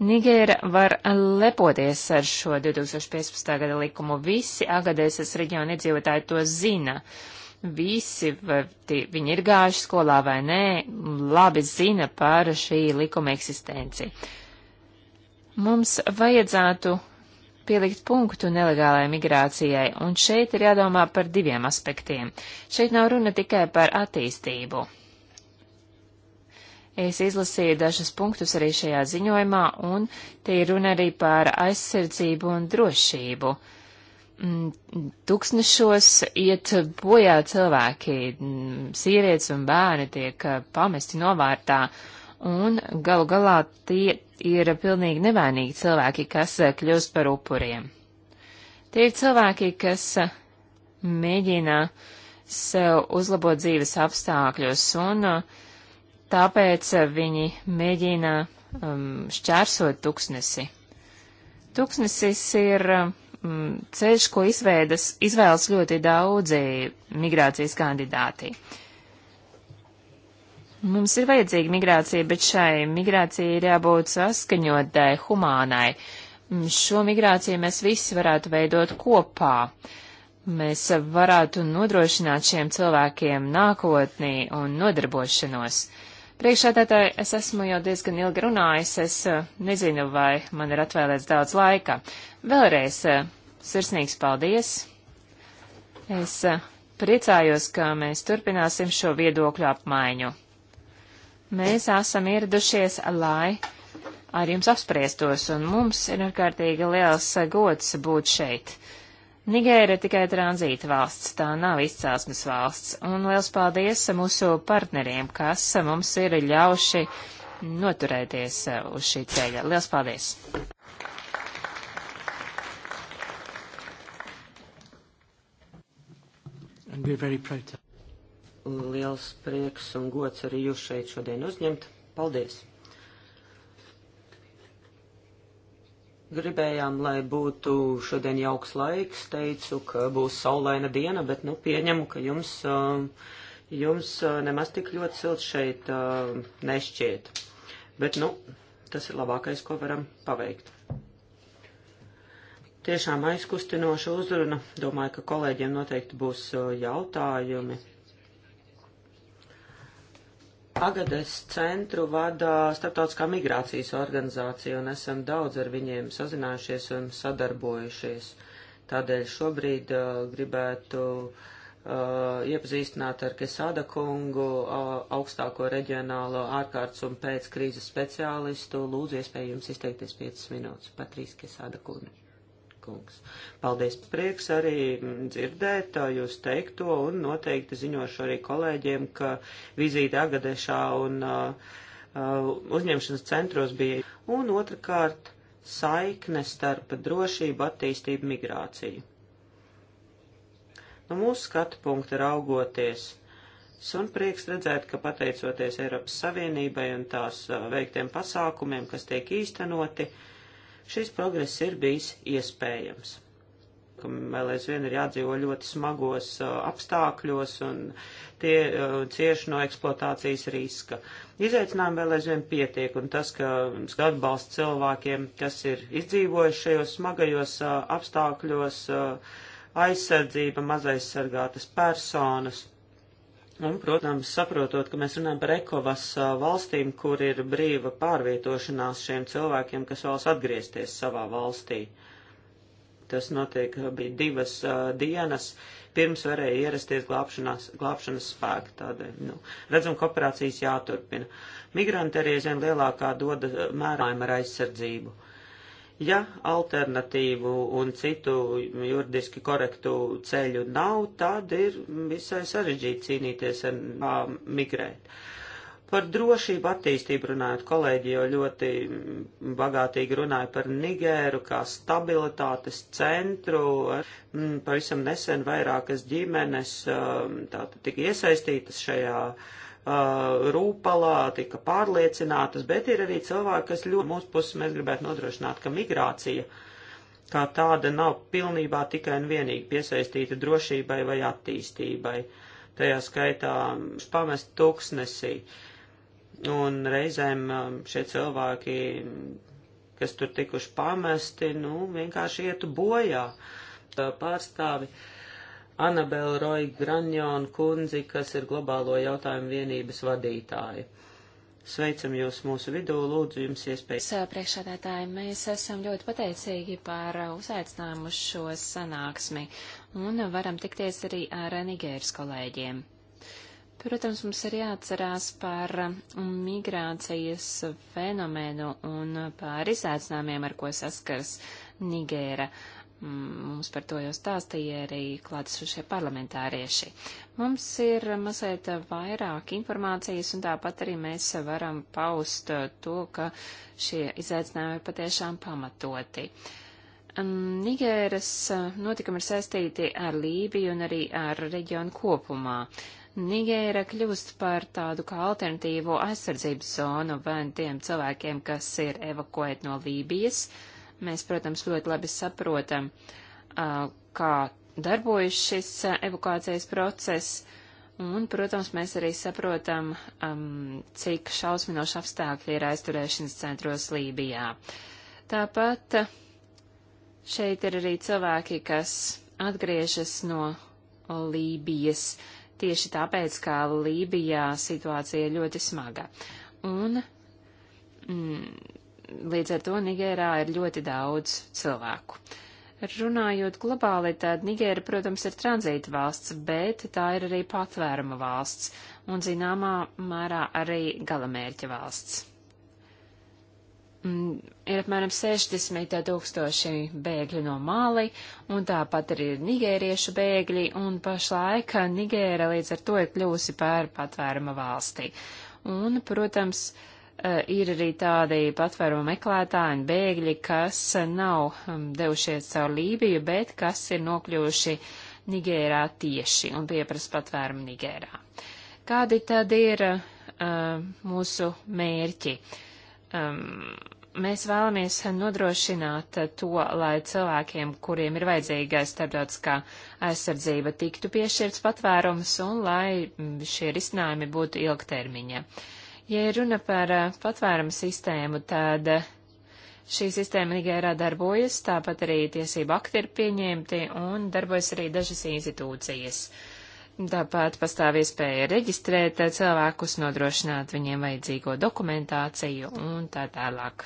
Nigēra var lepoties ar šo 2015. gada likumu. Visi Agadēsas reģiona iedzīvotāji to zina. Uh, visi, vai tie, viņi ir gājuši skolā vai nē, labi zina par šī likuma eksistenci. Mums vajadzētu pielikt punktu nelegālajai migrācijai, un šeit ir jādomā par diviem aspektiem. Šeit nav runa tikai par attīstību. Es izlasīju dažus punktus arī šajā ziņojumā, un te ir runa arī par aizsardzību un drošību. Uh, Mm, Tuksnešos iet bojā cilvēki, mm, sievietes un bērni tiek eh, pamesti novārtā, un galu galā tie ir pilnīgi nevainīgi cilvēki, kas eh, kļūst par upuriem. Tie ir cilvēki, kas eh, mēģina sev uzlabot dzīves apstākļus, un tāpēc viņi mēģina um, šķērsot tuksnesi. Tuksnesis ir uh, Mm, ceļš, ko izvēdas, izvēlas ļoti daudzi migrācijas kandidāti. Mums ir vajadzīga migrācija, bet šai migrācijai ir jābūt saskaņotai, humānai. Mm, šo migrāciju mēs visi varētu veidot kopā. Mēs varētu nodrošināt šiem cilvēkiem nākotnī un nodarbošanos. Priekšādātāji, es esmu jau diezgan ilgi runājis, es eh, nezinu, vai man ir atvēlēts daudz laika. Vēlreiz eh, sirsnīgs paldies. Es eh, priecājos, ka mēs turpināsim šo viedokļu apmaiņu. Mēs esam ieradušies, lai ar jums apspriestos, un mums ir ārkārtīgi liels gods būt šeit. Nigēra ir tikai tranzīta valsts, tā nav izcelsmes valsts, un liels paldies mūsu partneriem, kas mums ir ļauši noturēties eh, uz šī ceļa. Liels paldies! Liels prieks un gods arī jūs šeit šodien uzņemt. Paldies! Gribējām, lai būtu šodien jauks laiks, teicu, ka būs saulaina diena, bet, nu, pieņemu, ka jums, um, jums uh, nemaz tik ļoti silts šeit um, nešķiet. Bet, nu, tas ir labākais, ko varam paveikt. Tiešām aizkustinoša uzruna. Domāju, ka kolēģiem noteikti būs uh, jautājumi. Agades centru vada Startautiskā migrācijas organizācija, un esam daudz ar viņiem sazinājušies un sadarbojušies. Tādēļ šobrīd uh, gribētu uh, iepazīstināt ar Kesāda kungu, uh, augstāko reģionālo ārkārtas un pēc krīzes speciālistu. Lūdzu, iespēju jums izteikties 5 minūtes. Patrīs Kesāda kungu kungs. Paldies, prieks arī dzirdēt jūs teikto un noteikti ziņošu arī kolēģiem, ka vizīte Agadešā un uh, uzņemšanas centros bija. Un otrkārt, saikne starp drošību, attīstību, migrāciju. No mūsu skatu punkta raugoties. Es un prieks redzēt, ka pateicoties Eiropas Savienībai un tās veiktiem pasākumiem, kas tiek īstenoti, uh, Šis progress ir bijis iespējams. Vēl aizvien ir jādzīvo ļoti smagos uh, apstākļos un tie uh, cieši no eksploatācijas riska. Izaicinājumi vēl aizvien pietiek, un tas, ka atbalsts cilvēkiem, kas ir izdzīvojuši šajos smagajos uh, apstākļos, uh, aizsardzība, mazaizsargātas personas, Un, protams, saprotot, ka mēs runājam par ekovas valstīm, kur ir brīva pārvietošanās šiem cilvēkiem, kas vēlas atgriezties savā valstī. Tas notiek bija divas uh, dienas, pirms varēja ierasties glābšanās, glābšanas spēki. Tādēļ, nu, redzam, ka operācijas jāturpina. Migranti arī aizvien lielākā doda mērājuma ar aizsardzību. Ja alternatīvu un citu juridiski korektu ceļu nav, tad ir visai sarežģīti cīnīties ar kā migrēt. Par drošību attīstību runājot, kolēģi jau ļoti bagātīgi runāja par Nigēru kā stabilitātes centru. Mm, pavisam nesen vairākas ģimenes tātad tika iesaistītas šajā uh, Uh, rūpalā, tika pārliecinātas, bet ir arī cilvēki, kas ļoti mūsu puses mēs gribētu nodrošināt, ka migrācija kā tāda nav pilnībā tikai un vienīgi piesaistīta drošībai vai attīstībai. Tajā skaitā pamest tūkstnesī. Un reizēm um, šie cilvēki, kas tur tikuši pamesti, nu, vienkārši ietu bojā. Pārstāvi uh, Anabela Roja Granjona kundzi, kas ir globālo jautājumu vienības vadītāja. Sveicam jūs mūsu vidū, lūdzu jums iespēju. Priekšādātāji, mēs esam ļoti pateicīgi par uzaicinājumu uz šo sanāksmi un varam tikties arī ar Nigēras kolēģiem. Protams, mums ir jāatcerās par migrācijas fenomenu un par izaicinājumiem, ar ko saskars Nigēra. Uh, Mums par to jau stāstīja arī klātesošie parlamentārieši. Mums ir mazliet vairāk informācijas, un tāpat arī mēs varam paust to, ka šie izaicinājumi ir patiešām pamatoti. Nigēras notikumi ir saistīti ar Lībiju un arī ar reģionu kopumā. Nigēra kļūst par tādu kā alternatīvo aizsardzības zonu vai tiem cilvēkiem, kas ir evakuēti no Lībijas. Uh, Mēs, protams, ļoti labi saprotam, kā darbojas šis evakuācijas process, un, protams, mēs arī saprotam, cik šausminoši apstākļi ir aizturēšanas centros Lībijā. Tāpat šeit ir arī cilvēki, kas atgriežas no Lībijas tieši tāpēc, ka Lībijā situācija ir ļoti smaga. Un mm, Līdz ar to Nigērā ir ļoti daudz cilvēku. Runājot globāli, tad Nigēra, protams, ir tranzīta valsts, bet tā ir arī patvēruma valsts un zināmā mērā arī galamērķa valsts. Mm, ir apmēram 60 tūkstoši bēgļu no Mali, un tāpat arī ir nigēriešu bēgļi, un pašlaik Nigēra līdz ar to ir kļūsi par patvēruma valsti. Un, protams, uh, Eh, ir arī tādi patvērumu meklētāji un bēgļi, kas nav hm, devušies caur Lībiju, bet kas ir nokļuvuši Nigērā tieši un pieprasa patvērumu Nigērā. Kādi tad ir uh, mūsu mērķi? Um, mēs vēlamies nodrošināt to, lai cilvēkiem, kuriem ir vajadzīgais starptautiskā aizsardzība, tiktu piešķirts patvērums un lai hm, šie risinājumi būtu ilgtermiņa. Uh, Ja runa par eh, patvērumu sistēmu, tad eh, šī sistēma Nigērā darbojas, tāpat arī tiesība akti ir pieņemti un darbojas arī dažas institūcijas. Tāpat pastāv iespēja reģistrēt eh, cilvēkus, nodrošināt viņiem vajadzīgo dokumentāciju un tā tālāk.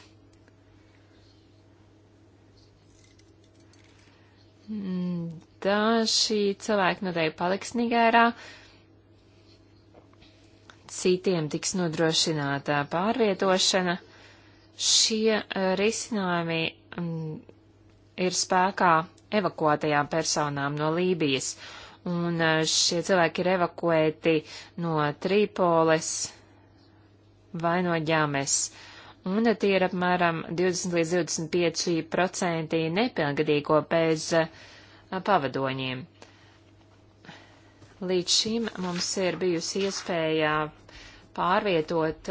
Tā mm, šī cilvēka noteikti paliks Nigērā, citiem tiks nodrošināta pārvietošana. Šie eh, risinājumi mm, ir spēkā evakuētajām personām no Lībijas, un eh, šie cilvēki ir evakuēti no Trīpoles vai no Ģames. Un eh, tie ir apmēram 20 līdz 25% nepilngadīgo bez pavadoņiem. Līdz šim mums ir bijusi iespēja pārvietot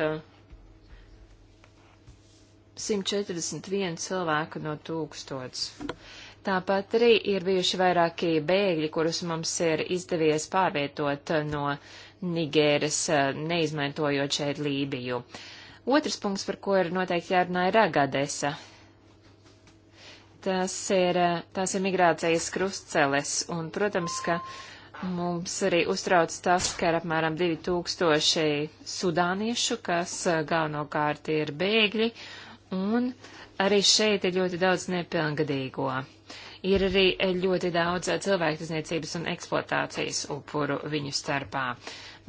141 uh, cilvēku no tūkstots. Tāpat arī ir bijuši vairāki bēgļi, kurus mums ir izdevies pārvietot uh, no Nigēras, uh, neizmantojot šeit Lībiju. Otrs punkts, par ko ir noteikti jārunā, ir Agadesa. Tas ir, tās ir migrācijas krustceles, un, protams, ka uh, Mums arī uztrauc tas, ka ir apmēram 2000 sudāniešu, kas eh, galvenokārt ir bēgļi, un arī šeit ir ļoti daudz nepilngadīgo. Ir arī eh, ļoti daudz eh, cilvēktiesniecības un eksploatācijas upuru viņu starpā.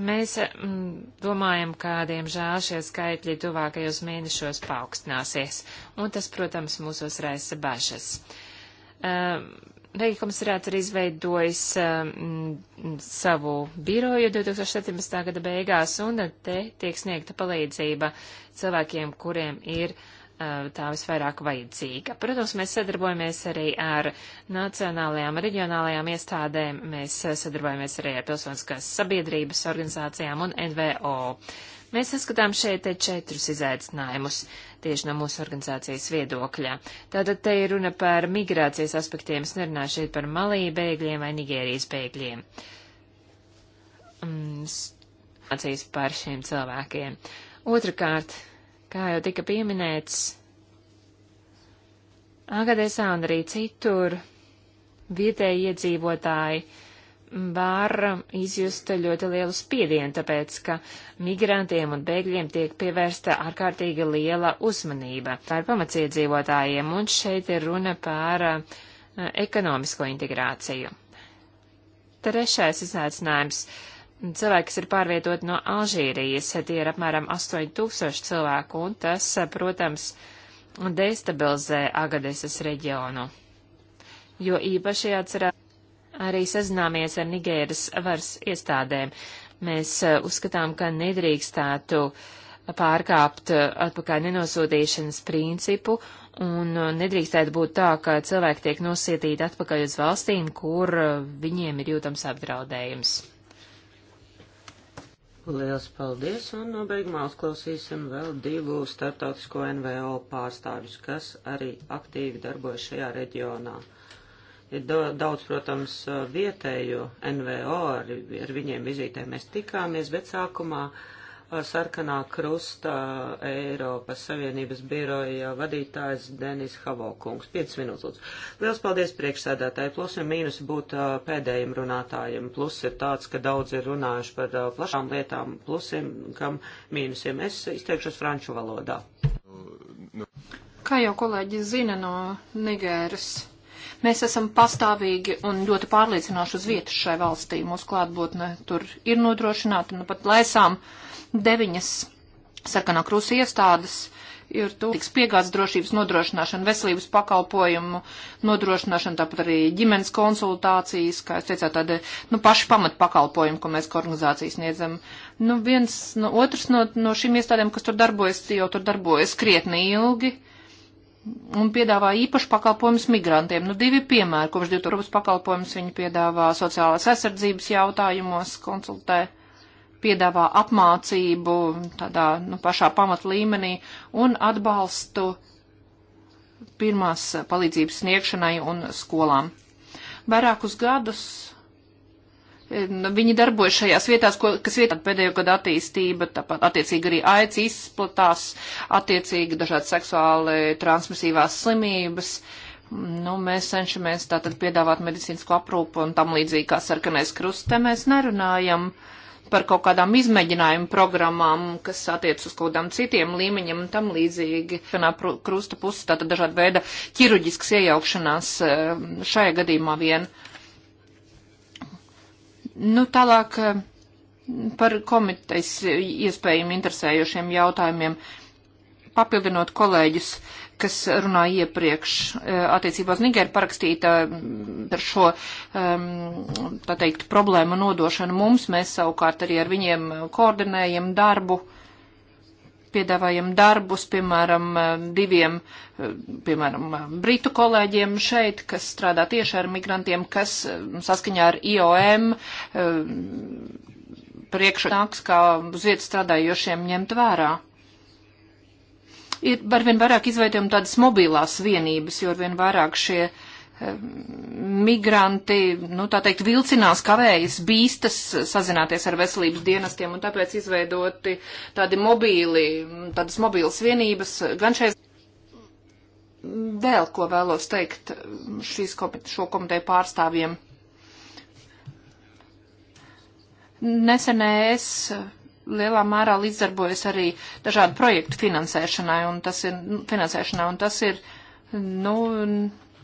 Mēs mm, domājam, ka, diemžēl, šie skaitļi tuvākajos mēnešos paaugstināsies, un tas, protams, mūsos raisa bažas. Um, Reikomisarāts ir izveidojis um, savu biroju 2017. gada beigās, un te tiek sniegta palīdzība cilvēkiem, kuriem ir uh, Eh, tā visvairāk vajadzīga. Protams, mēs sadarbojamies arī ar nacionālajām, reģionālajām iestādēm, mēs eh, sadarbojamies arī ar pilsoniskās sabiedrības organizācijām un NVO. Mēs saskatām šeit četrus izaicinājumus tieši no mūsu organizācijas viedokļa. Tātad te ir runa par migrācijas aspektiem, es nerunāju šeit par Malī bēgļiem vai Nigērijas bēgļiem. Mm, par šiem cilvēkiem. Otrakārt, Kā jau tika pieminēts, Agadesā un arī citur vietēji iedzīvotāji var izjust ļoti lielu spiedienu, tāpēc, ka migrantiem un bēgļiem tiek pievērsta ārkārtīgi liela uzmanība. Tā ir pamats iedzīvotājiem, un šeit ir runa par uh, ekonomisko integrāciju. Trešais izaicinājums cilvēki, kas ir pārvietoti no Alžīrijas, tie ir apmēram 8000 cilvēku, un tas, protams, destabilizē Agadeses reģionu. Jo īpaši jāatcerās arī sazināmies ar Nigēras varas iestādēm. Mēs eh, uzskatām, ka nedrīkstētu pārkāpt eh, atpakaļ nenosūtīšanas principu un eh, nedrīkstētu būt tā, ka cilvēki tiek nosietīti atpakaļ uz valstīm, kur viņiem ir jūtams apdraudējums. Liels paldies, un nobeigumā uzklausīsim vēl divu startautisko NVO pārstāvjus, kas arī aktīvi darbojas šajā reģionā. Ir daudz, protams, vietēju NVO, ar, ar viņiem vizītē mēs tikāmies, bet sākumā uh, sarkanā krusta Eiropas Savienības biroja vadītājs Denis Havokungs. 5 minūtes. Liels paldies priekšsēdētāji. Plus un mīnus būtu pēdējiem runātājiem. Plus ir tāds, ka daudz ir runājuši par plašām lietām, plusiem, kam mīnusiem. Es izteikšos franču valodā. Kā jau kolēģis zina no Nigēras Mēs esam pastāvīgi un ļoti pārliecinoši uz vietas šai valstī. Mūsu klātbūtne tur ir nodrošināta, nu pat lēsām deviņas sarkanā krusa iestādes ir tūlīts piegādes drošības nodrošināšana, veselības pakalpojumu nodrošināšana, tāpat arī ģimenes konsultācijas, kā es teicu, tāda, nu, paši pamat pakalpojumi, ko mēs kā organizācijas niedzam. Nu, viens, nu, otrs no, no šīm iestādēm, kas tur darbojas, jau tur darbojas krietni ilgi. Uh, un piedāvā īpašu pakalpojumus migrantiem. Nu, divi piemēri, kopš 2000 pakalpojumus viņi piedāvā sociālās aizsardzības jautājumos, konsultē, piedāvā apmācību tādā, nu, pašā pamatlīmenī un atbalstu pirmās palīdzības sniegšanai un skolām. Vairākus gadus Nu, viņi darbojas šajās vietās, ko, kas vietā pēdējo gadu attīstība, tāpat attiecīgi arī aids izplatās, attiecīgi dažādi seksuāli transmisīvās slimības. Nu, mēs cenšamies tātad piedāvāt medicīnisko aprūpu un tam līdzīgi, kā sarkanais krusts, te mēs nerunājam par kaut kādām izmēģinājumu programmām, kas attiec uz kaut kādām citiem līmeņiem un tam līdzīgi. Vienā krusta pusē tātad dažāda veida ķirurģiskas iejaukšanās eh, šajā gadījumā vien. Uh, Nu, tālāk eh, par komitejas iespējami interesējošiem jautājumiem. Papildinot kolēģus, kas runāja iepriekš eh, attiecībā uz Nigēru parakstīta mm, par šo, ehm, tā teikt, problēmu nodošanu mums, mēs savukārt arī ar viņiem koordinējam darbu. Uh, piedāvājam darbus, piemēram, eh, diviem, eh, piemēram, eh, britu kolēģiem šeit, kas strādā tieši ar migrantiem, kas saskaņā ar IOM priekšā nāks kā uz vietas strādājošiem ņemt vērā. Ir arvien vairāk izveidojumi tādas mobilās vienības, jo arvien vairāk šie uh, migranti, nu tā teikt, vilcinās, kavējas, bīstas sazināties ar veselības dienestiem un tāpēc izveidoti tādi mobīli, tādas mobīlas vienības gan šeit. Vēl ko vēlos teikt šīs komite, šo komiteju pārstāvjiem. Nesenēs lielā mērā līdzdarbojas arī dažādu projektu finansēšanai, un tas ir, nu, finansēšanā, un tas ir, nu,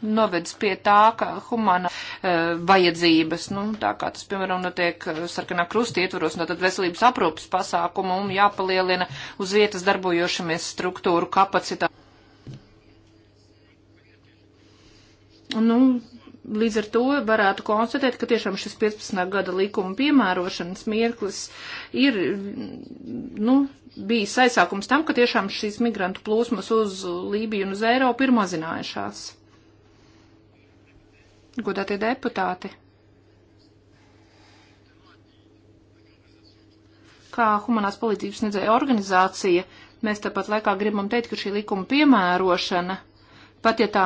novedis pie tā, ka humana e, vajadzības, nu, tā kā tas, piemēram, notiek e, sarkanā krusta ietvaros, no tad veselības aprūpas pasākumu un jāpalielina uz vietas darbojošamies struktūru kapacitāti. Nu, līdz ar to varētu konstatēt, ka tiešām šis 15. gada likuma piemērošanas mirklis ir, nu, bijis aizsākums tam, ka tiešām šīs migrantu plūsmas uz Lībiju un uz Eiropu ir mazinājušās godātie deputāti. Kā humanās palīdzības nedzēja organizācija, mēs tāpat laikā gribam teikt, ka šī likuma piemērošana, pat ja tā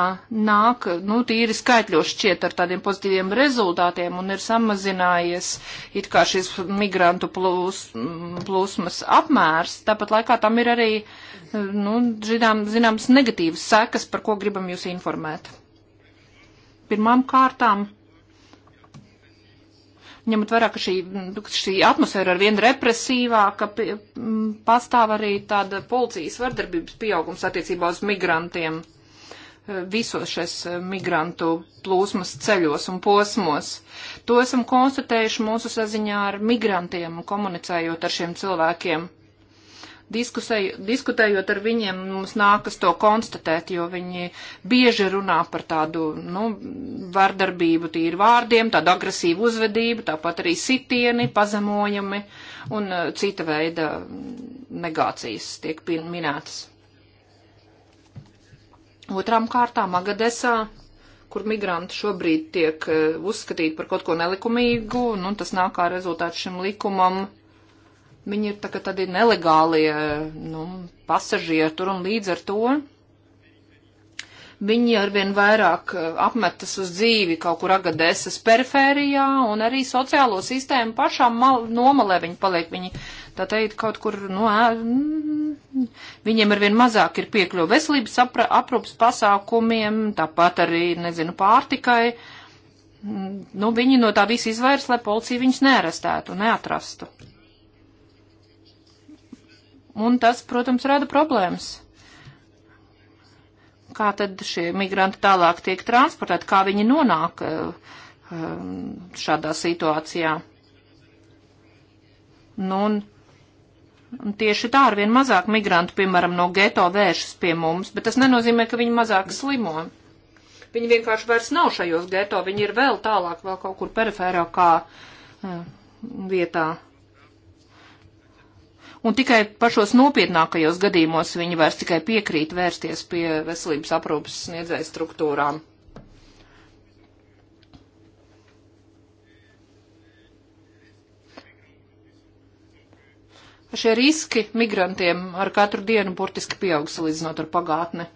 nāk, nu, tīri skaitļos šķiet ar tādiem pozitīviem rezultātiem un ir samazinājies it kā šis migrantu plūs, plūsmas apmērs, tāpat laikā tam ir arī, nu, zinām, zināms negatīvas sekas, par ko gribam jūs informēt. Pirmām kārtām ņemot vērā, ka šī, nu, šī atmosfēra ar vien represīvāka, pastāv arī tāda policijas vardarbības pieaugums attiecībā uz migrantiem e, visos šais e, migrantu plūsmas ceļos un posmos. To esam konstatējuši mūsu saziņā ar migrantiem, komunicējot ar šiem cilvēkiem. Diskutējot ar viņiem, mums nākas to konstatēt, jo viņi bieži runā par tādu, nu, vardarbību tīri vārdiem, tādu agresīvu uzvedību, tāpat arī sitieni, pazemojumi un uh, cita veida negācijas tiek minētas. Otrām kārtām Agadesā, kur migranti šobrīd tiek uh, uzskatīti par kaut ko nelikumīgu, nu, tas nāk kā rezultāts šim likumam, Viņi ir tagad tādi nelegālie nu, pasažieri tur un līdz ar to. Viņi arvien vairāk eh, apmetas uz dzīvi kaut kur agadēsas perifērijā un arī sociālo sistēmu pašām mal, nomalē viņi paliek. Viņi, tā teikt, kaut kur, nu, ē, mm, viņiem arvien mazāk ir piekļuva veselības apra, aprūpas pasākumiem, tāpat arī, nezinu, pārtikai. Mm, nu, viņi no tā visa izvairs, lai policija viņus nearestētu, neatrastu. Un tas, protams, rada problēmas. Kā tad šie migranti tālāk tiek transportēti, kā viņi nonāk eh, eh, šādā situācijā? Nu, un Un tieši tā ar vien mazāk migrantu, piemēram, no geto vēršas pie mums, bet tas nenozīmē, ka viņi mazāk slimo. Viņi vienkārši vairs nav šajos geto, viņi ir vēl tālāk, vēl kaut kur perifērā kā uh, vietā un tikai pašos nopietnākajos gadījumos viņi vairs tikai piekrīt vērsties pie veselības aprūpas sniedzēju struktūrām. Šie riski migrantiem ar katru dienu burtiski pieaug salīdzinot ar pagātni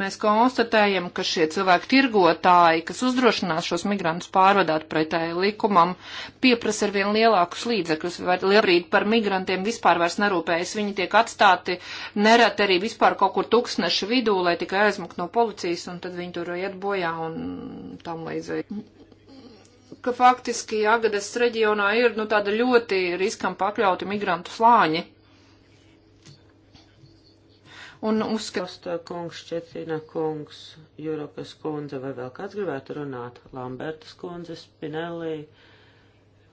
mēs konstatējam, ka šie cilvēki tirgotāji, kas uzdrošinās šos migrantus pārvadāt pretēji likumam, pieprasa ar vien lielākus līdzekļus. Lielbrīd par migrantiem vispār vairs nerūpējas. Viņi tiek atstāti nereti arī vispār kaut kur tūkstneša vidū, lai tikai aizmukt no policijas, un tad viņi tur iet bojā un tam līdzīgi. Ka faktiski Agadas reģionā ir nu, tāda ļoti riskam pakļauti migrantu slāņi. Un uzskatās, kungs, Četrina kungs, Jurokas kundze, vai vēl kāds gribētu runāt? Lambertas kundze, Spinelli,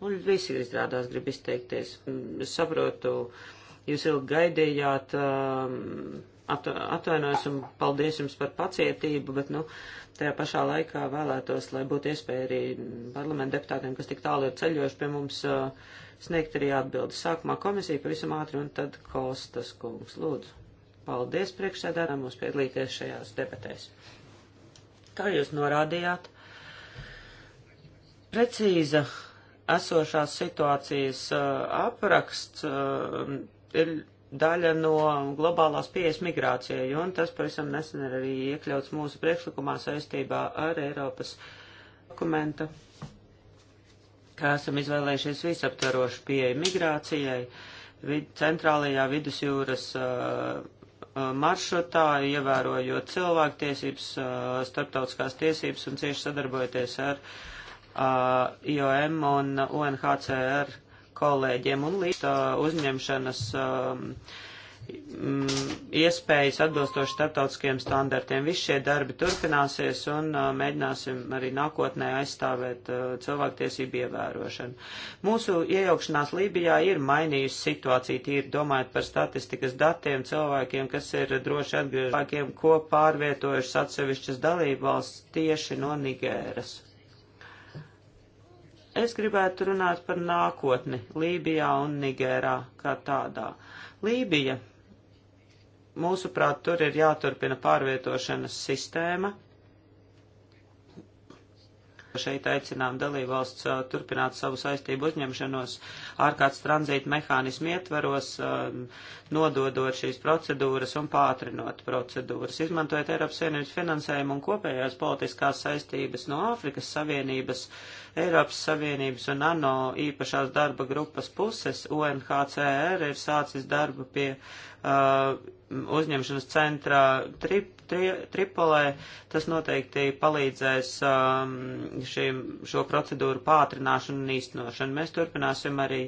un visi izrādās grib izteikties. Mm, es saprotu, jūs ilgi gaidījāt, um, atvainojos un paldies jums par pacietību, bet, nu, tajā pašā laikā vēlētos, lai būtu iespēja arī parlamenta deputātiem, kas tik tālu ir ceļojuši pie mums, uh, sniegt arī atbildi. Sākumā komisija pavisam ātri un tad Kostas kungs, lūdzu. Paldies priekšsēdētājiem mums piedalīties šajās debatēs. Kā jūs norādījāt, precīza esošās situācijas uh, apraksts uh, ir daļa no globālās pieejas migrācijai, un tas pavisam nesen ir arī iekļauts mūsu priekšlikumā saistībā ar Eiropas dokumentu, kā esam izvēlējušies visaptvarošu pieeju migrācijai vid, centrālajā vidusjūras uh, Uh, maršrutā, ievērojot cilvēktiesības, uh, starptautiskās tiesības un cieši sadarbojoties ar uh, IOM un UNHCR kolēģiem un līdz uzņemšanas uh, Mm, iespējas atbilstoši starptautiskiem standartiem. Visi šie darbi turpināsies un uh, mēģināsim arī nākotnē aizstāvēt uh, cilvēktiesību ievērošanu. Mūsu iejaukšanās Lībijā ir mainījusi situāciju, tīri domājot par statistikas datiem, cilvēkiem, kas ir droši atgriežakiem, ko pārvietojušas atsevišķas dalībvalsts tieši no Nigēras. Es gribētu runāt par nākotni Lībijā un Nigērā kā tādā. Lībija Mūsuprāt, tur ir jāturpina pārvietošanas sistēma. Šeit aicinām dalībvalsts uh, turpināt savu saistību uzņemšanos ārkārtas tranzīta mehānismu ietvaros, uh, nododot šīs procedūras un pātrinot procedūras, izmantojot Eiropas Savienības finansējumu un kopējās politiskās saistības no Āfrikas Savienības, Eiropas Savienības un ANO īpašās darba grupas puses. UNHCR ir sācis darbu pie uh, uzņemšanas centra trip, tri, Tripolē, tas noteikti palīdzēs um, šim, šo procedūru pātrināšanu un īstenošanu. Mēs turpināsim arī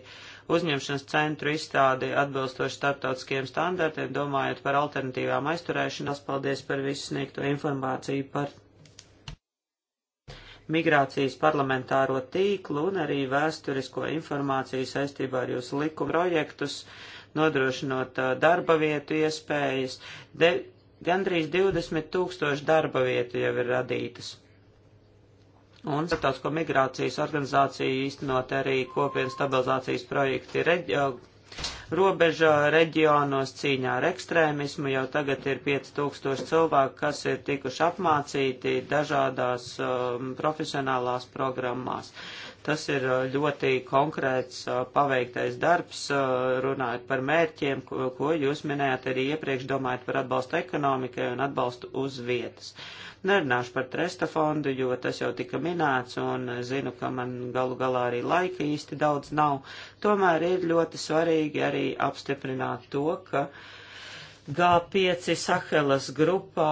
uzņemšanas centru izstādi atbilstoši starptautiskiem standartiem, domājot par alternatīvām aizturēšanās. Paldies par visu sniegto informāciju par migrācijas parlamentāro tīklu un arī vēsturisko informāciju saistībā ar jūsu likuma projektus. Uh, nodrošinot darba vietu iespējas. De, gandrīz 20 tūkstoši darba vietu jau ir radītas. Un starptautisko migrācijas organizācija īstenot arī kopienas stabilizācijas projekti reģio, robeža reģionos cīņā ar ekstrēmismu. Jau tagad ir 5000 cilvēku, kas ir tikuši apmācīti dažādās um, profesionālās programmās. Tas ir ļoti konkrēts paveiktais darbs, runājot par mērķiem, ko, ko jūs minējāt arī iepriekš, domājot par atbalstu ekonomikai un atbalstu uz vietas. Nerunāšu par tresta fondu, jo tas jau tika minēts, un zinu, ka man galu galā arī laika īsti daudz nav. Tomēr ir ļoti svarīgi arī apstiprināt to, ka uh, G5 Sahelas grupā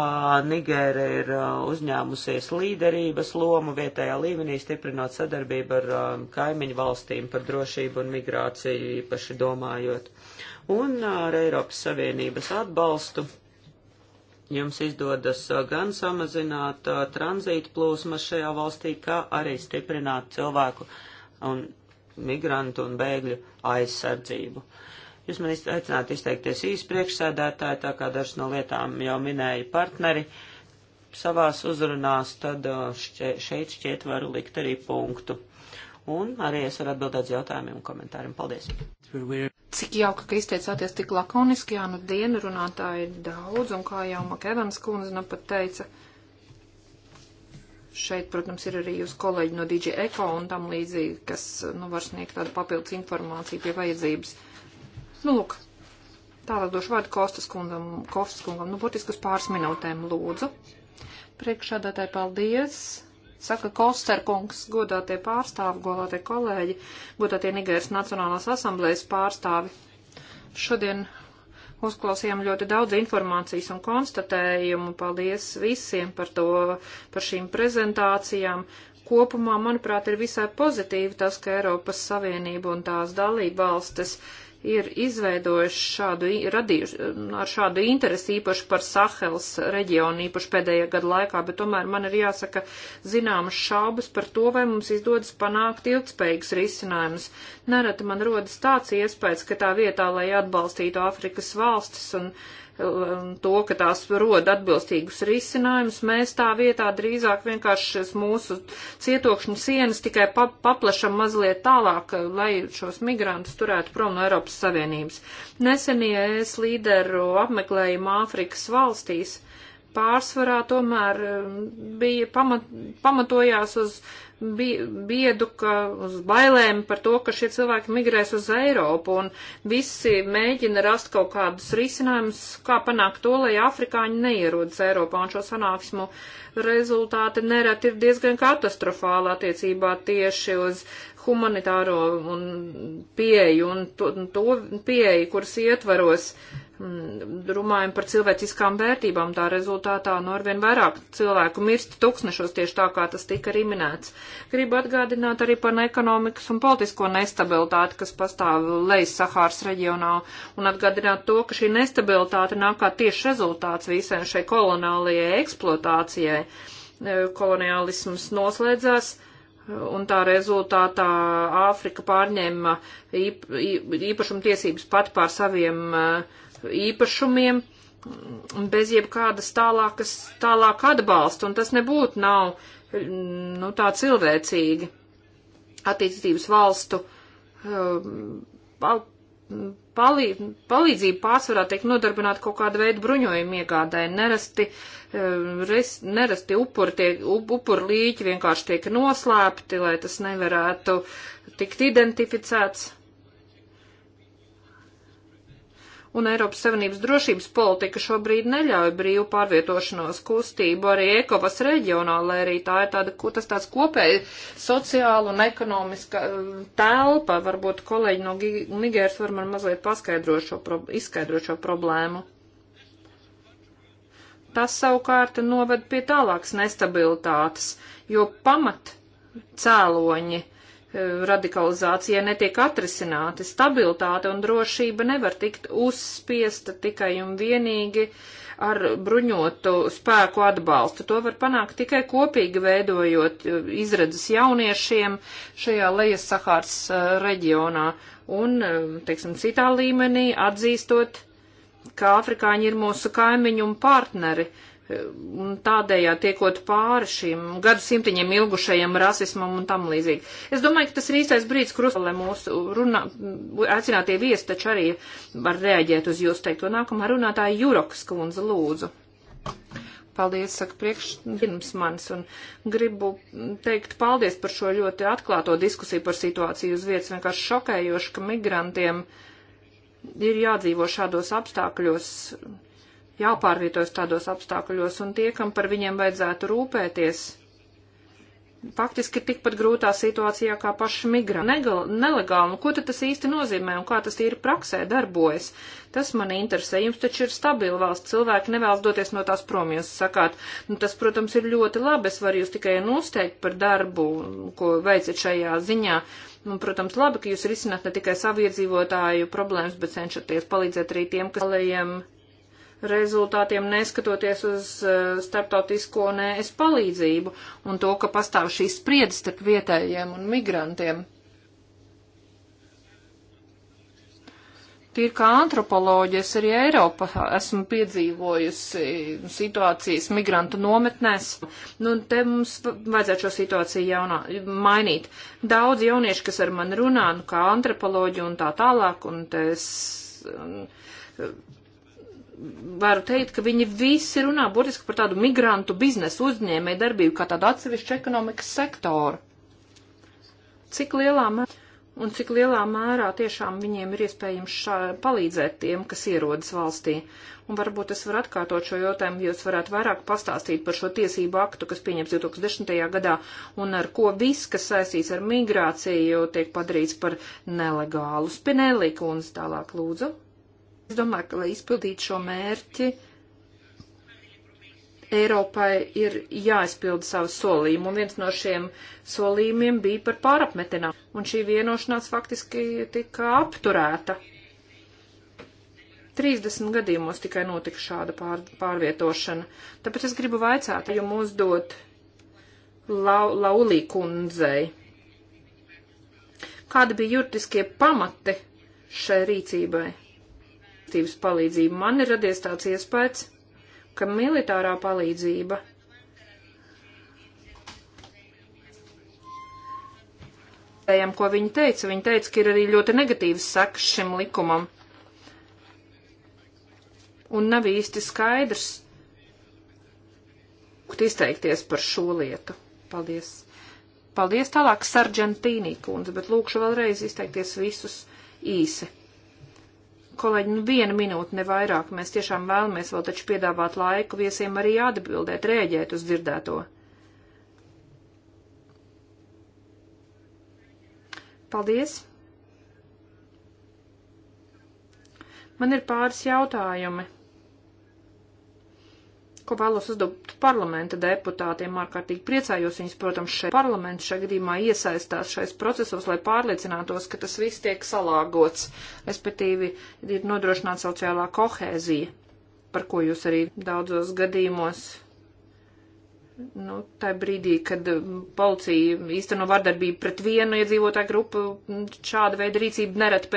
Nigēra ir uh, uzņēmusies līderības lomu vietējā līmenī, stiprinot sadarbību ar um, kaimiņu valstīm par drošību un migrāciju īpaši domājot. Un uh, ar Eiropas Savienības atbalstu jums izdodas uh, gan samazināt uh, tranzītu plūsmas šajā valstī, kā arī stiprināt cilvēku un migrantu un bēgļu aizsardzību. Uh, Jūs man aicināt izteikties īsi priekšsēdētāji, tā kā dažas no lietām jau minēja partneri savās uzrunās, tad uh, šķiet, šeit šķiet varu likt arī punktu. Un arī es varu atbildēt uz jautājumiem un komentāriem. Paldies! Cik jauka, ka izteicāties tik lakoniski, jā, nu dienu runātāji ir daudz, un kā jau Makevans kundze nu pat teica, šeit, protams, ir arī jūs kolēģi no DJ Eko un tam līdzīgi, kas, nu, var sniegt tādu papildus informāciju pie vajadzības. Nu, lūk, tālāk došu vārdu Kostas kungam, Kostas kungam, nu, burtiski uz pāris minūtēm lūdzu. Priekšādātāji, paldies! Saka Kosterkungs, godātie pārstāvi, godātie kolēģi, godātie Nigēras Nacionālās asamblējas pārstāvi. Šodien uzklausījām ļoti daudz informācijas un konstatējumu. Paldies visiem par to, par šīm prezentācijām. Kopumā, manuprāt, ir visai pozitīvi tas, ka Eiropas Savienība un tās dalībvalstis valstis ir izveidojuši šādu, radījuši um, ar šādu interesi īpaši par Sahels reģionu, īpaši pēdējā gada laikā, bet tomēr man ir jāsaka zināmas šaubas par to, vai mums izdodas panākt ilgspējīgs risinājums. Nereti man rodas tāds iespējas, ka tā vietā, lai atbalstītu Āfrikas valstis un uh, Um, to, ka tās rod atbilstīgus risinājumus, mēs tā vietā drīzāk vienkārši mūsu cietokšņu sienas tikai pa paplašam mazliet tālāk, lai šos migrantus turētu prom no Eiropas Savienības. Nesenie es līderu apmeklējumu Āfrikas valstīs pārsvarā tomēr um, bija pamat, pamatojās uz uh, biedu, ka uz bailēm par to, ka šie cilvēki migrēs uz Eiropu un visi mēģina rast kaut kādus risinājumus, kā panākt to, lai afrikāņi neierodas Eiropā un šo sanāksmu rezultāti nereti ir diezgan katastrofāli attiecībā tieši uz humanitāro un pieeju un to, to pieeju, kuras ietvaros uh, Mm, Runājam par cilvēciskām vērtībām, tā rezultātā no nu, arvien vairāk cilvēku mirst tūkstnešos tieši tā, kā tas tika arī minēts. Gribu atgādināt arī par ekonomikas un politisko nestabilitāti, kas pastāv lejas Sahāras reģionā, un atgādināt to, ka šī nestabilitāte nāk kā tieši rezultāts visai šai koloniālajai eksploatācijai. E, Koloniālisms noslēdzās un tā rezultātā Āfrika pārņēma īpašuma tiesības pat pār saviem uh, īpašumiem bez jebkādas tālākas, tālāk atbalsta, un tas nebūtu nav, nu, tā cilvēcīgi attīstības valstu um, pal palīd palīdzību pārsvarā tiek nodarbināta kaut kāda veida bruņojuma iegādē. Nerasti, um, res, nerasti upuri, tiek, upuri līķi vienkārši tiek noslēpti, lai tas nevarētu tikt identificēts. un Eiropas Savienības drošības politika šobrīd neļauj brīvu pārvietošanos kustību arī Ekovas reģionā, lai arī tā ir tāda, tas tāds kopēji sociāla un ekonomiska um, telpa. Varbūt kolēģi no Nigēras var man mazliet paskaidrot šo, izskaidrot šo problēmu. Tas savukārt noved pie tālākas nestabilitātes, jo pamat cēloņi Eh, radikalizācija netiek atrisināti. Stabilitāte un drošība nevar tikt uzspiesta tikai un vienīgi ar bruņotu spēku atbalstu. To var panākt tikai kopīgi veidojot eh, izredzes jauniešiem šajā lejas Sahāras eh, reģionā un, teiksim, citā līmenī atzīstot, ka afrikāņi ir mūsu kaimiņi un partneri un tādējādi tiekot pāri šīm gadsimtiņiem ilgušajam rasismam un tam līdzīgi. Es domāju, ka tas ir īstais brīdis, kur uzvalē mūsu runā, aicinātie viesi taču arī var reaģēt uz jūs teikto nākamā runātāja Jurokas kundze lūdzu. Paldies, saka priekšpirms mans, un gribu teikt paldies par šo ļoti atklāto diskusiju par situāciju uz vietas. Vienkārši šokējoši, ka migrantiem ir jādzīvo šādos apstākļos jāpārvietojas tādos apstākļos, un tie, kam par viņiem vajadzētu rūpēties, faktiski ir tikpat grūtā situācijā kā paši migranti. Nelegāli, nu ko tad tas īsti nozīmē un kā tas ir praksē darbojas? Tas man interesē. Jums taču ir stabila valsts, cilvēki nevēlas doties no tās prom, jūs sakāt. Nu, tas, protams, ir ļoti labi, es varu jūs tikai nosteikt par darbu, ko veicat šajā ziņā. Un, nu, protams, labi, ka jūs risināt ne tikai savu iedzīvotāju problēmas, bet cenšaties palīdzēt arī tiem, kas palējiem rezultātiem, neskatoties uz eh, starptautisko nēs palīdzību un to, ka pastāv šī spriedze starp vietējiem un migrantiem. Tīri kā antropoloģijas arī Eiropā esmu piedzīvojusi situācijas migrantu nometnēs. Nu, te mums vajadzētu šo situāciju jaunā, mainīt. Daudz jaunieši, kas ar mani runā, nu, kā antropoloģi un tā tālāk, un te es un, varu teikt, ka viņi visi runā būtiski par tādu migrantu biznesu uzņēmēju darbību kā tādu atsevišķu ekonomikas sektoru. Cik lielā mērā un cik lielā mērā tiešām viņiem ir iespējams šā, palīdzēt tiem, kas ierodas valstī. Un varbūt es varu atkārtot šo jautājumu, jūs varētu vairāk pastāstīt par šo tiesību aktu, kas pieņems 2010. gadā, un ar ko viss, kas saistīts ar migrāciju, tiek padarīts par nelegālu. Spinelli kundze tālāk lūdzu. Es domāju, ka, lai izpildītu šo mērķi, Eiropai ir jāizpilda savu solījumu, un viens no šiem solījumiem bija par pārapmetenām, un šī vienošanās faktiski tika apturēta. 30 gadījumos tikai notika šāda pār, pārvietošana, tāpēc es gribu vaicāt jums uzdot lau, Laulī kundzei. Kādi bija juridiskie pamati šai rīcībai? attīstības palīdzību. Man ir radies tāds iespējas, ka militārā palīdzība ko viņi teica. Viņi teica, ka ir arī ļoti negatīvas sekas šim likumam. Un nav īsti skaidrs, lūgt izteikties par šo lietu. Paldies! Paldies tālāk Sargentīnī kundze, bet lūkšu vēlreiz izteikties visus īsi. Kolēģi, nu viena minūte, ne vairāk. Mēs tiešām vēlamies vēl taču piedāvāt laiku viesiem arī atbildēt, rēģēt uz dzirdēto. Paldies! Man ir pāris jautājumi ko vēlos uzdot parlamenta deputātiem. Ārkārtīgi priecājos viņus, protams, šeit parlaments šajā gadījumā iesaistās šais procesos, lai pārliecinātos, ka tas viss tiek salāgots, respektīvi ir nodrošināta sociālā kohēzija, par ko jūs arī daudzos gadījumos. Nu, tā brīdī, kad policija īsteno vardarbību pret vienu iedzīvotāju grupu, šāda veida rīcība nereti pēc